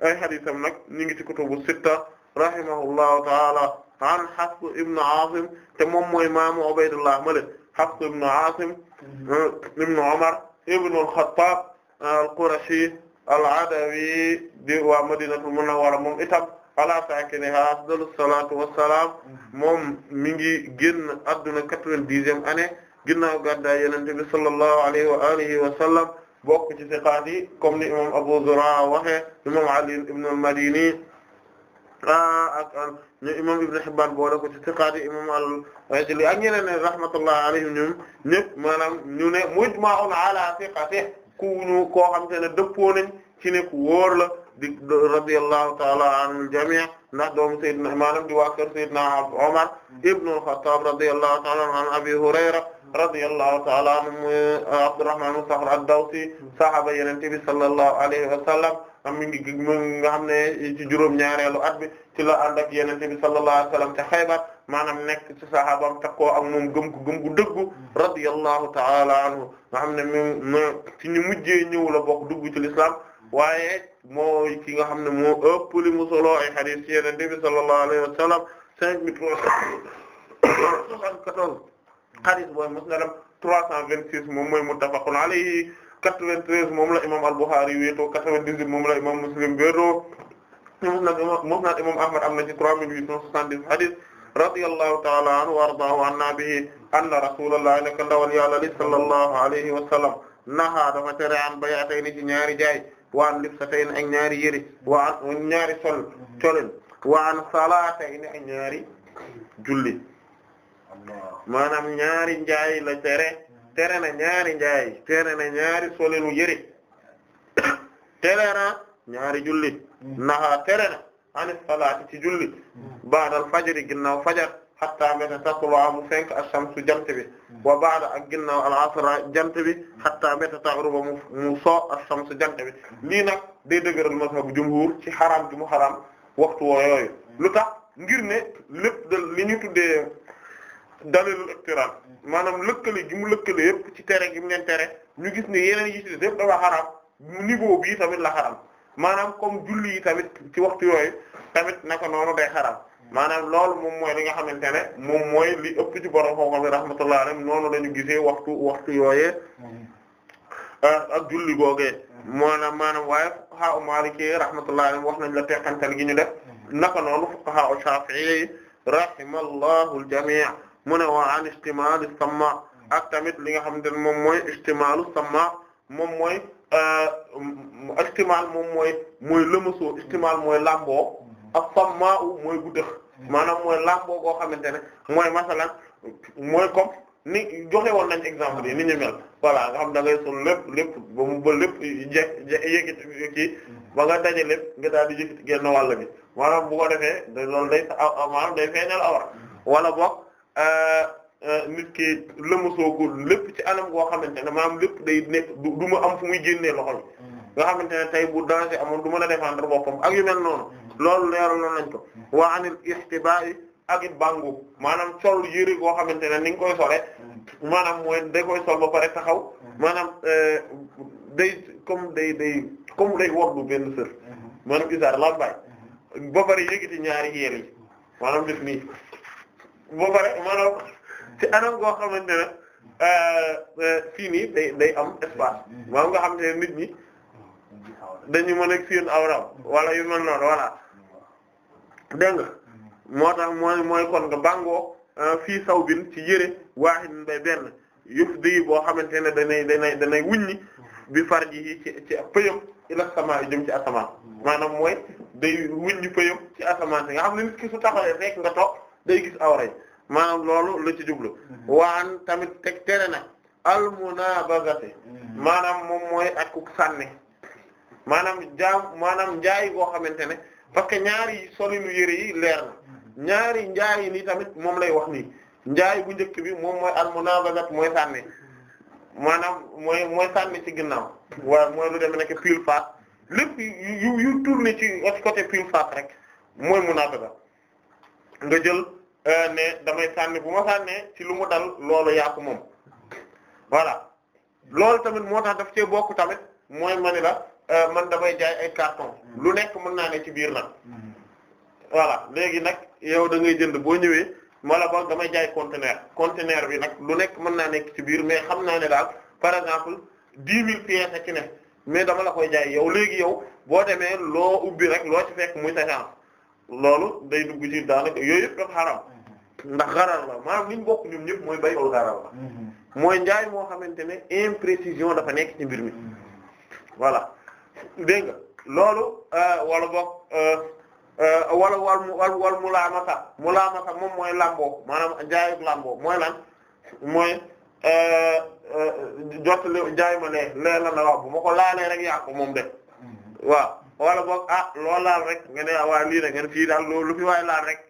ay xadisam nag ñu ngi ci kutubu sitta rahimahullahu ta'ala an Hafs ibn Aasim te moom mooy maamu Ubaydullah male Hafs ibn Aasim ibn Umar ibn al-Khattab al-Qurashi al-Adawi di waa Madinatul Munawwara moom itam ala sakiniha afdalu salaatu wa salaam moom mi ngi génn adduna quatre-vingt-dixième année ginnaaw gàddaay Yonent bi sallallahu alayhi wa alihi wa sallam bokk ci siqaat yi comme ni imam Abu Zur'a waxee imam Ali ibn al-Madini ak ñu imam Ibn Hibban boole ko ci siqaat yi imam al-Ajli ak ñeneen rahmatullahi alayhim ñoom ñëpp maanaam ñu ne mujma'un ala siqatihi nekkuñu koo xam te ne dëppoo nañ ci ne ku wóor la di radiyallahu ta'ala anil jami' ndax doomu sayyidina maanaam di waa kër sayyidina Umar ibn al-Khattab radiyallahu ta'ala an Abi Hurayra radiyallahu ta'ala anhu Abdurrahman ibn Sakhr ad-Dawsi sahaaba Yonent bi sallallahu alayhi wa sallam am mi ngi nga xam ne ci juróom ñaareelu at bi ci la ànd ak Yonent bi sallallahu alayhi wa sallam ca Xaybar maanaam nekk ci sahaabam takkoo ak moom gëm ko gëm gu dëggu radiyallahu taala anhu nga xam ne moom ci ñu mujjee ñëw la bokk dugg ci l'islam waaye mooy ki nga xam ne moo ëpp li mu solo ay hadith ci Yonent bi sallallahu alayhi wa sallam cinq mille trois cent soixante-quatorze hadith mooy musnadam trois cent vingt-six moom mooy muttafaqun alayhi 93 moom la imam al-Bukhari wéetoo 98 moom la imam Muslim wéetoo moom nag imam Ahmad am na ci radiyallahu ta'ala anhu wa ardaahu anna bihi anna rasulullah nekk ndawal yàlla li sallallahu alayhi wa sallam naha dafa tere an bay'atayn ci ñaari jaay wa an libsatayn ak ñaari yëri wa an ñaari sol colin wa an salaatayn ak ñaari julli maanaam ñaari njaay la tere tere na ñaari njaay tere na ñaari solinu yëri tere na ñaari julli naha tere na an salaati ci julli ba'dal fajri ginnaaw fajar hatta mbéta tatlu'a mu fenk ash-shamsu jant bi wa ba'da ak ginnaaw al jant bi hatta mbéta taghruba mu mu so ash-shamsu jant bi lii nag day dëgëral mazhabu jumhur ci xaraam gi mu xaraam waxtu woo yooyu lu tax ngir ne lépp da li ñu tuddee dalilul iqtiraan maanaam lëkkale gi mu yëpp ci tere gi mu leen tere ñu gis ne yeneen yi ci yëpp dafa xaraam niveau bii tamit la xaraam maanaam comme julli yi tamit ci waxtu yooyu tamit naka noonu day xaraam maanaam loolu moom mooy li nga xamante ne moom mooy li ëpp ci borom xam-xam rahmatullah alayhi noonu la ñu gisee waxtu waxtu yooyee ah, ak julli googee maanaam maanaam waaye fuqaha maliki rahmatullah alayhi wax nañ la teqantal gi ñu def naka noonu fuqaha shafi'i rahimallahu al mu ne wa an istimal as-samma tamit li nga xamante ne moom mooy istimal as moom mooy ah, istimal moom mooy mooy lëmasoo istimal ak fammaa u mooy bu dëx maanaam mooy làmboo goo xamante ne mooy masalan mooy comme ni joxe woon nañ exemple yi ni ñu mel voilà nga xam da ngay sol lépp lépp mu ba lépp je yëkkati kii ba nga daje lépp nga daal di yëkkati genn wàll bi maanaam bu ko defee da loolu day maanaam day feeñal awra wala boog euh, euh, nit ki lëmasoogul lépp ci anam goo xamante ne maanaam lépp day nekk du ma am fu muy génnee loxol mm. nga xamante ne tey bu danger amoon du mën a défendre boppam ak yu mel noonu mm. loolu leeraloon nañ ko wa anil ihtibaa'i bangu maanaam sol yëre goo xamante ne ni nga koy sole maanaam mooy day koy sol ba pare taxaw maanaam eh, day comme day day day wor bu benn sër maanaam isaar la bay ba pare yëkkati ñaari yeel yi maanaam def nii ba pare maanaam ci anam goo xamante ne eh, eh, fii nii day am espace maanaam nga xam nit ñi dañu mën a seen awraw wala yu mel noonu voilà dégg nga moo tax mooy mooy kon nga bàngoo euh, fii saw bin ci yëre waaxit n bay benn yëf di boo xamante ne danay danay danay wuññi bi far ji ci ci pëyam ila sama jëm ci asamaan maanaam mooy day wuññi pëyam ci asamaan si nga xam ne nit ki su taxawee rek nga toog day gis awray maanaam loolu la ci jublu mm-hmm. waan tamit teg tere na almunabazati mm-hmm. maanaam moom mooy ak ku sànni maanaam jaam maanaam njaay goo xamante ne parce que ñaari solinu yére yi leer na ñaari njaay yi nii tamit moom lay wax nii njaay bu njëkk bi moom mooy almunabazat mooy sànni maanaam mooy mooy sànni ci ginnaaw waaw mooy lu dem nekk pile face lépp yu yu tourné ci côté pile face rek mooy munabaza nga jël euh, ne damay sànni bu ma sànnee ci lu mu dal loolu yàqu moom voilà loolu tamit moo tax daf cee bokk tamit mooy mani la Euh, man damay jaay ay carton hmm. lu nekk mën naa ne ci biir nag hmm. voilà léegi nag yow da ngay jënd boo ñëwee wala boog damay jaay conteneur conteneur bi nag lu nekk mën naa nekk ci biir mais xam naa ne daal par exemple dix mille pièces ci ne mais dama la koy jaay yow léegi yow boo demee loo ubbi rek loo ci fekk muy séquence loolu day dugg ci daanaka yooyu yëpp dafa xaram hmm. ndax xaral la maanaam li ñu bokk ñun ñëpp mooy béy loolu xaral la mooy njaay moo xamante ne imprécision dafa nekk ci mbir mi voilà dégg loolu euh, wala boog euh, euh, wala wal wal wal mu laamata mu laamata moom mooy lamboo maanaam jaayub lamboo mooy lan mooy jottali jaay ma lee lee la na bu ma ko laalee rek yaa ko moom de mm-hmm. waaw wala boog ah lool laal rek nga ne ah, waaye lii rek nga fii lu fi waaye laal rek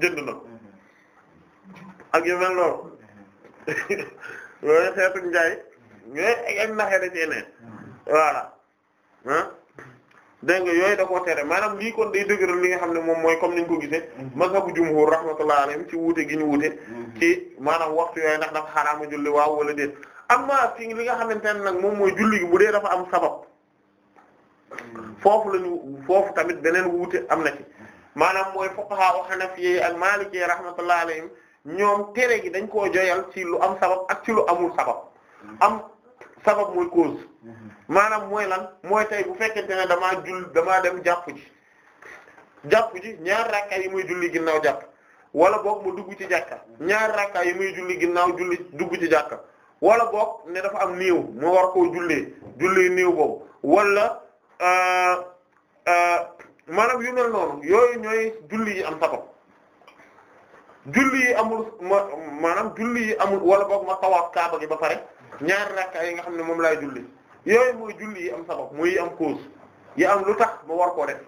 jënd na mm-hmm. ak loolu mm-hmm. loolu xeetu njaay mais ay naxee da ne voilà ah dégg nga yooyu da koo tere maanaam lii kon day dëgëral li nga xam ne moom mooy comme niñ ko gisee mhm. mazhabu jumhur rahmatullahi alayhim ci wuute gi ñu wuute mhm. ci maanaam waxtu yooyu ndax dafa xaraama julli waaw wala déet amma ci li nga xamante ne nag moom mooy julli gi bu dee dafa am sabab mhm. foofu lañu foofu tamit beneen wuute am na maanaam mooy fuqaha wa hanafiyyi ak maliki rahmatullahi alayhim ñoom tere gi dañ koo joyal ci lu am sabab ak ci lu amul sabab am sabab mooy cause maanaam mooy lan mooy tey bu fekkente ne damaa jull damaa dem jàpp ji jàpp ji ñaari rakka yi muy julli ginnaaw jàpp wala boog ma dugg ci jàkka ñaari rakka yi muy julli ginnaaw julli dugg ci jàkka wala boog ne dafa am néew mu war koo jullee jullee néew boobu wala euh, euh, maanaam yu mel noonu yooyu ñooy julli yi am sabab julli yi amul ma maanaam julli yi am wala boog ma tawaaf kaaba gi ba pare ñaar rakka yi nga xam ne moom laay julli yooyu mooy julli yi am sabab mooy yi am cause yi am lu tax ma war koo def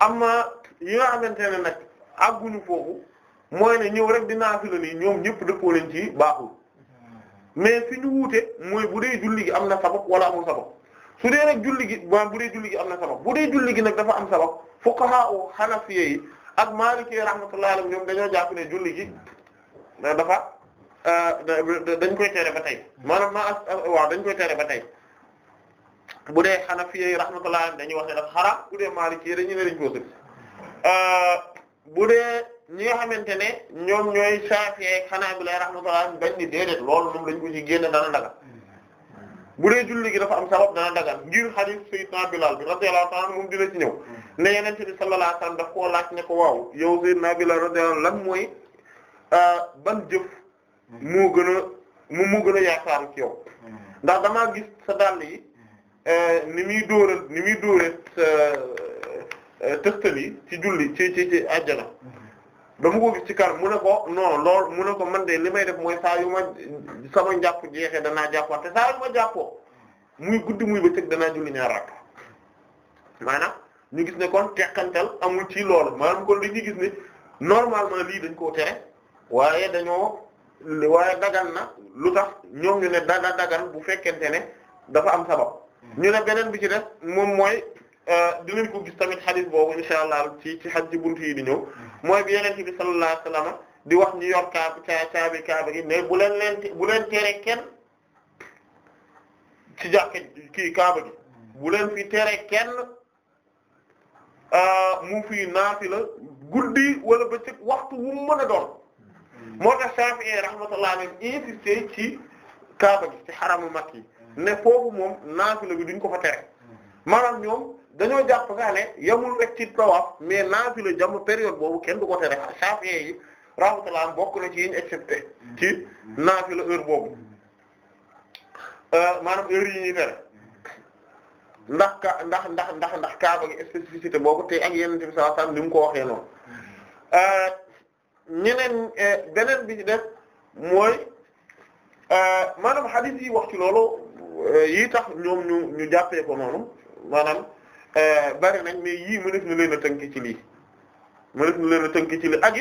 am na yi nga xamante ne nag àgguñu foofu mooy ne ñëw rek dinaa fi nii ñoom ñëpp dëppoo leen ci baaxul mais fi ñu wuute mooy bu dee julli gi am na sabab wala amul sabab su dee nag julli gi waaw bu dee julli am na sabab bu dee julli gi nag dafa am sabab fuqaha u hanafiyya yi ak maliki rahmatullahi alayhim ñoom dañoo jàpp ne julli gi dafa euh, dañ koy tere ba tey maanaam ma waaw dañ koy tere ba tey bu dee xanafiye rahmatullah dañuy wax ne daf xaraam bu dee maliki dañuy ne dañ koo sib euh, bu dee ñi nga xamante ne ñoom ñooy saafiyee xanaabila rahmatullah dañ ni déedéet loolu moom dañ ko ci génn dana dagal bu dee julli gi dafa am sabab dana dagal ngir hadith sayyidina Bilal bi radiyallahu ta'ala moom dina ci ñëw ne yenente bi sallallahu alayhi wasallam daf koo laat ne ko waaw yow sayyidina Bilal radiyallahu lan mooy euh, ban jëf moo gën mu mu gën a yaakaaru ci yow yi Euh, ni muy dóora ni muy dóore euh, euh, tëstal yi ci julli ci ci ci àjjana dama mm-hmm. ko gis ci kar mu ne ko non lool mu ne ko man de li may def mooy saa yu ma sama njàpp jeexee danaa jàppaat te saa yu ma jàppoo muy guddi muy bëccëg danaa julli ñaar maanaam ñu gis ne kon teqantal amul ci loolu maanaam kon li ñu gis ni normalement lii dañ koo tere waaye dañoo waaye dagan na lu tax ñoom ñu ne dana dagan bu fekkente ne dafa am sabab ñu ne beneen bi ci def moom mooy euh, dinañ ko gis tamit xadis boobu insha allah ci ci xaj ji buntu yi di ñëw mooy bi yeneen bi sallallahu alayhi di wax ñu yor kaab caa kaaba gi mais bu leen leen bu leen tere kenn ci jàkka kii kaaba gi bu leen fi tere kenn euh, mu fi naafi la guddi wala bëccëg waxtu wu mu mën a doon moo tax Shafi'i rahmatullah alayhi insisté ci kaaba gi ci xaramu Makka yi ne foofu moom naafila bi duñ ko fa tere maanaam ñoom dañoo jàpp nga ne yamul rek ci tawaaf mais naafila jàmm période boobu kenn du ko tere Shafi'i yi rahmatullah bokk na ci yiñ excepté ci naafila heure boobu euh, maanaam heure yi ñuy ndax ka ndax ndax ndax ndax kaaba gi spécificité boobu te ak yeneen bi sallallahu alayhi wasallam ni mu ko waxee noonu euh, ñeneen euh, beneen bi ci def mooy maanaam hadith yi wax ci loolu Euh, yii tax ñoom ñu ñu jàppee ko noonu maanaam euh, bari nañ mais yii mënees na leen a tënk ci lii mënees na leen a tënk ci lii ak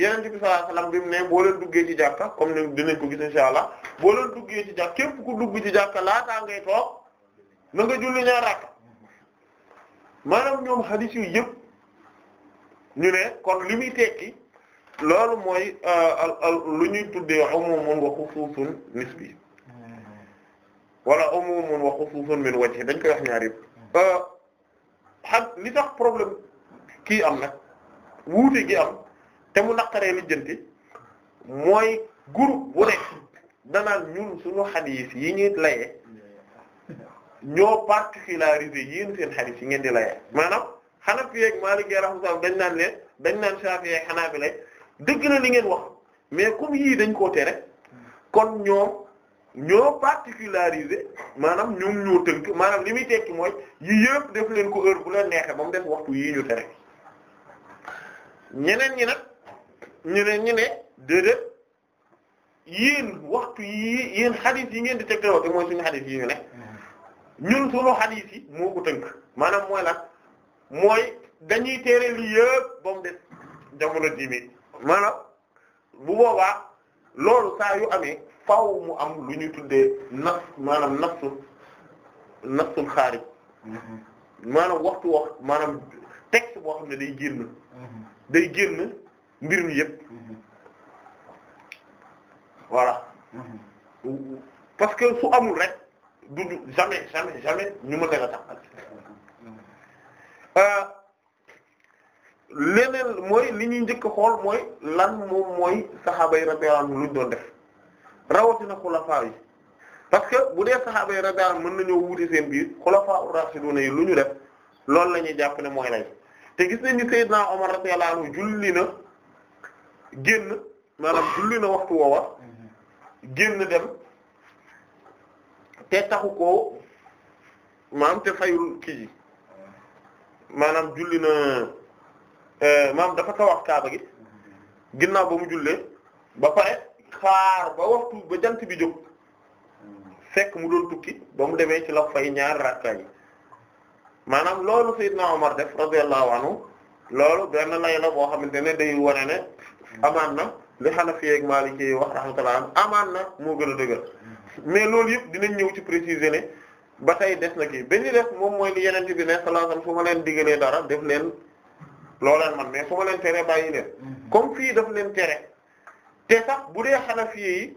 yeneen bi sallallahu alayhi wasallam bi mu ne boo leen duggee ci jàkka comme dinañ ko gis insha allah boo leen duggee ci jàkka képp ku dugg ci jàkka laataa ngay toog na nga julli ñaar rakka maanaam ñoom hadith yu yëpp ñu ne kon li muy tekki loolu mooy euh, lu ñuy tuddee umum mun wa xusuusun nisbi wala umumun wa khususun min wajh dañ koy wax ñaari yëpp xam li tax problème kii am nag wuute gi am te mu naqaree lijjanti mooy guru bu nekk danaan ñun suñu xadiis yi ñuy layee ñoo particularisé yéen seen xadiis yi ngeen di layee maanaam Hanafi ak Maliki rahmatullah dañ naan leen dañ naan Shafi'i ak Hanabila dëgg na li ngeen wax mais comme yii dañ koo tere kon ñoom ñoo particularisé maanaam ñoom ñoo tënk maanaam li muy tekki mooy yi yëpp def leen ko heure bu la neexee ba mu def waxtu yii ñu tere ñeneen ñi nag ñeneen ñi ne déedéet yéen waxtu yii yéen xadis yi ngeen di teg te mooy suñu xadis yi ñu ne ñun suñu xadis yi moo ko tënk maanaam mooy lan mooy dañuy tere li yëpp ba mu def jamono ji mi maanaam bu boobaa loolu saa yu amee. faaw mu am lu ñuy tuddee naf maanaam nafsu nafsul xaarij mm-hmm. maanaam waxtu wax maanaam texte boo xam ne day génn mm-hmm. day mbir mi yëpp mm-hmm. voilà parce que su amul rek du jamais jamais jamais ñu mën leen euh, leneen mooy li ñuy njëkk xool mooy lan moom mooy saxaaba yi radiyallahu anhum luñ doon rawatina xulafaa yi parce que bu dee saxaaba yi radiyallahu mën nañoo wuute seen biir xulafaa ur-raashidun yi lu ñu def loolu la ñuy jàpp ne mooy lay te gis nañ ni Seydina Omar radiyallahu anhu julli na génn maanaam julli na waxtu woowa génn dem te taxu koo maanaam te kii maanaam julli na eh, maanaam dafa tawaaf kaaba gi ginnaaw ba mu jullee ba pare xaar ba waxtu ba jant bi jóg fekk mu doon tukki ba mu demee ci la fay ñaari rakka yi maanaam loolu Seydina Omar def radiyallahu anhu loolu benn lay la boo xamante ne day wane ne amaan na li Hanafi ak Maliki wax rahmatullah amaan na moo gën a dëgër mais loolu yëpp dinañ ñëw ci préciser ne ba tey des na kii benn def moom mooy li yeneen bi ne sallallahu alayhi wasallam su ma leen digalee dara def leen loo leen man mais su ma leen tere bàyyi leen mm-hmm. comme fii daf leen tere te sax bu dee xanafi yi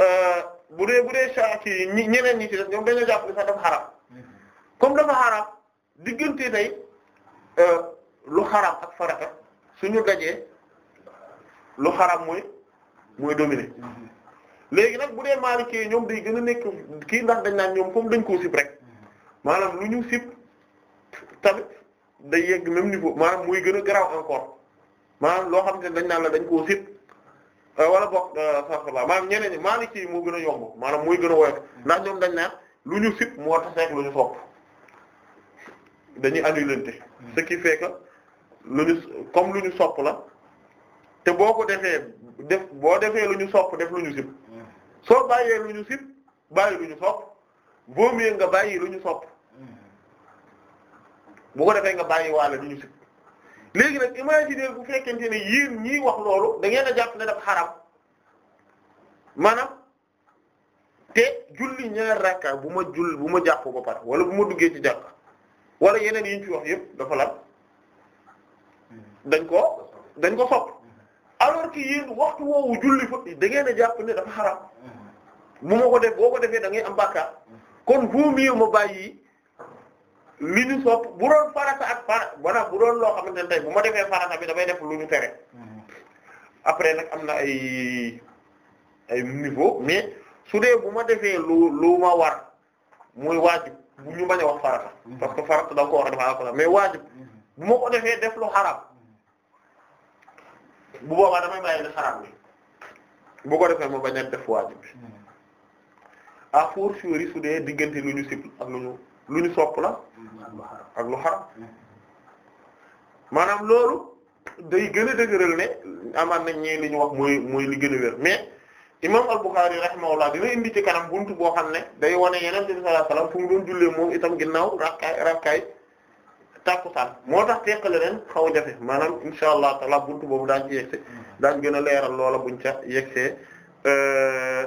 euh, bu dee bu dee shafi yi ñeneen ñi ñoom dañoo jàpp ne sax dafa xaraam comme dafa xaraam diggante tey euh, lu xaraam ak farata suñu dajee lu xaraam mooy mooy dominer léegi nag bu dee Maliki ñoom day gën a nekk kii ndax dañ naan ñoom comme dañ koo sib rek maanaam lu ñu sib tamit day yegg même niveau maanaam muy gën a garaaw encore maanaam loo xam ne dañ naan la dañ koo sib wala boog saafara maanaam ñeneen ñi Maliki ci moo gën a yomb maanaam muy gën a woyof ndax ñoom dañ naan lu ñu sip moo tax rek lu ñu sopp dañuy annulante ce qui que lu ñu comme lu ñu sopp la te boo ko defee def boo defee lu ñu sopp def lu ñu sip soo bàyyee lu ñu sip bàyyi lu ñu sopp vaut mieux nga bàyyi lu ñu sopp bu ko defee nga bàyyi waale lu ñu sip léegi nag imaginer bu fekkente ne yiir ñii wax loolu da ngeen a jàpp ne daf xarab maanaam te julli ñaar rakka bu ma jul bu ma jàpp ba par wala bu ma duggee ci jàkka wala yeneen yi ñu ci wax yëpp dafa lan dañ ko dañ ko sopp alors que yéen waxtu woowu julli fa da ngeen a jàpp ne dafa xaram mm-hmm. bu ma ko def boo ko defee da ngay am bàkkaar mm-hmm. kon vaut mieux ma bàyyi lu ñu sopp bu doon farata ak fara maanaam bu doon loo xamante ne tey bu ma defee farata bi damay def lu ñu tere mm-hmm. après nag am na ay ay niveau mais su dee bu ma defee lu lu ma war muy waajib bu ñu bañ wax farata mm-hmm. parce que farata da nga ko wax dafa ko mais waajib mm-hmm. bu ma ko defee def lu xaraam damay bàyyi ne xaraam bi bu ko defee ma bañ a def waajib bi à fortiori su dee diggante lu ñu cible ak lu ñu lu ñu sopp la ak lu xaram maanaam loolu day gën a dëgëral ne amaan nañ ñee li ñu wax mooy mooy li gën a wér mais imam al-Bukhari rahimahullah dina indi ci kanam buntu boo xam ne day wane yeneen bi sallallahu mu doon jullee moom itam ginnaaw rakkaay rakkaay tàkkusaan moo tax teqale leen xaw jafe maanaam insha allah taala buntu boobu daañ ci yeggse mm-hmm. daañ gën a leeral loola buñ ca yegsee euh,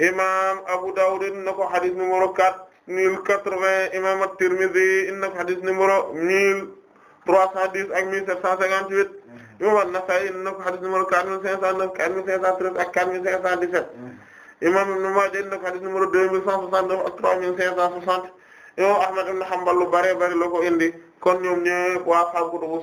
imam Abu Dawud indi na ko xadis numéro quatre mille quatre-vingts imam At-Tirmidhi indi na ko xadis numéro mille trois cent dix ak mille sept cent cinquante-huit mm-hmm. imam An-Nasa'i indi ko xadis numéro quatre mille cinq cent neuf quatre mille cinq cent treize ak quatre mille cinq cent dix-sept mm-hmm. imam Ibn Maaja indi ko xadis numéro deux mille cent soixante-neuf ak trois mille cinq cent soixante imam Ahmad ibn Hanbal lu bare bare la ko indi kon ñoom ñëpp waa xam kutubu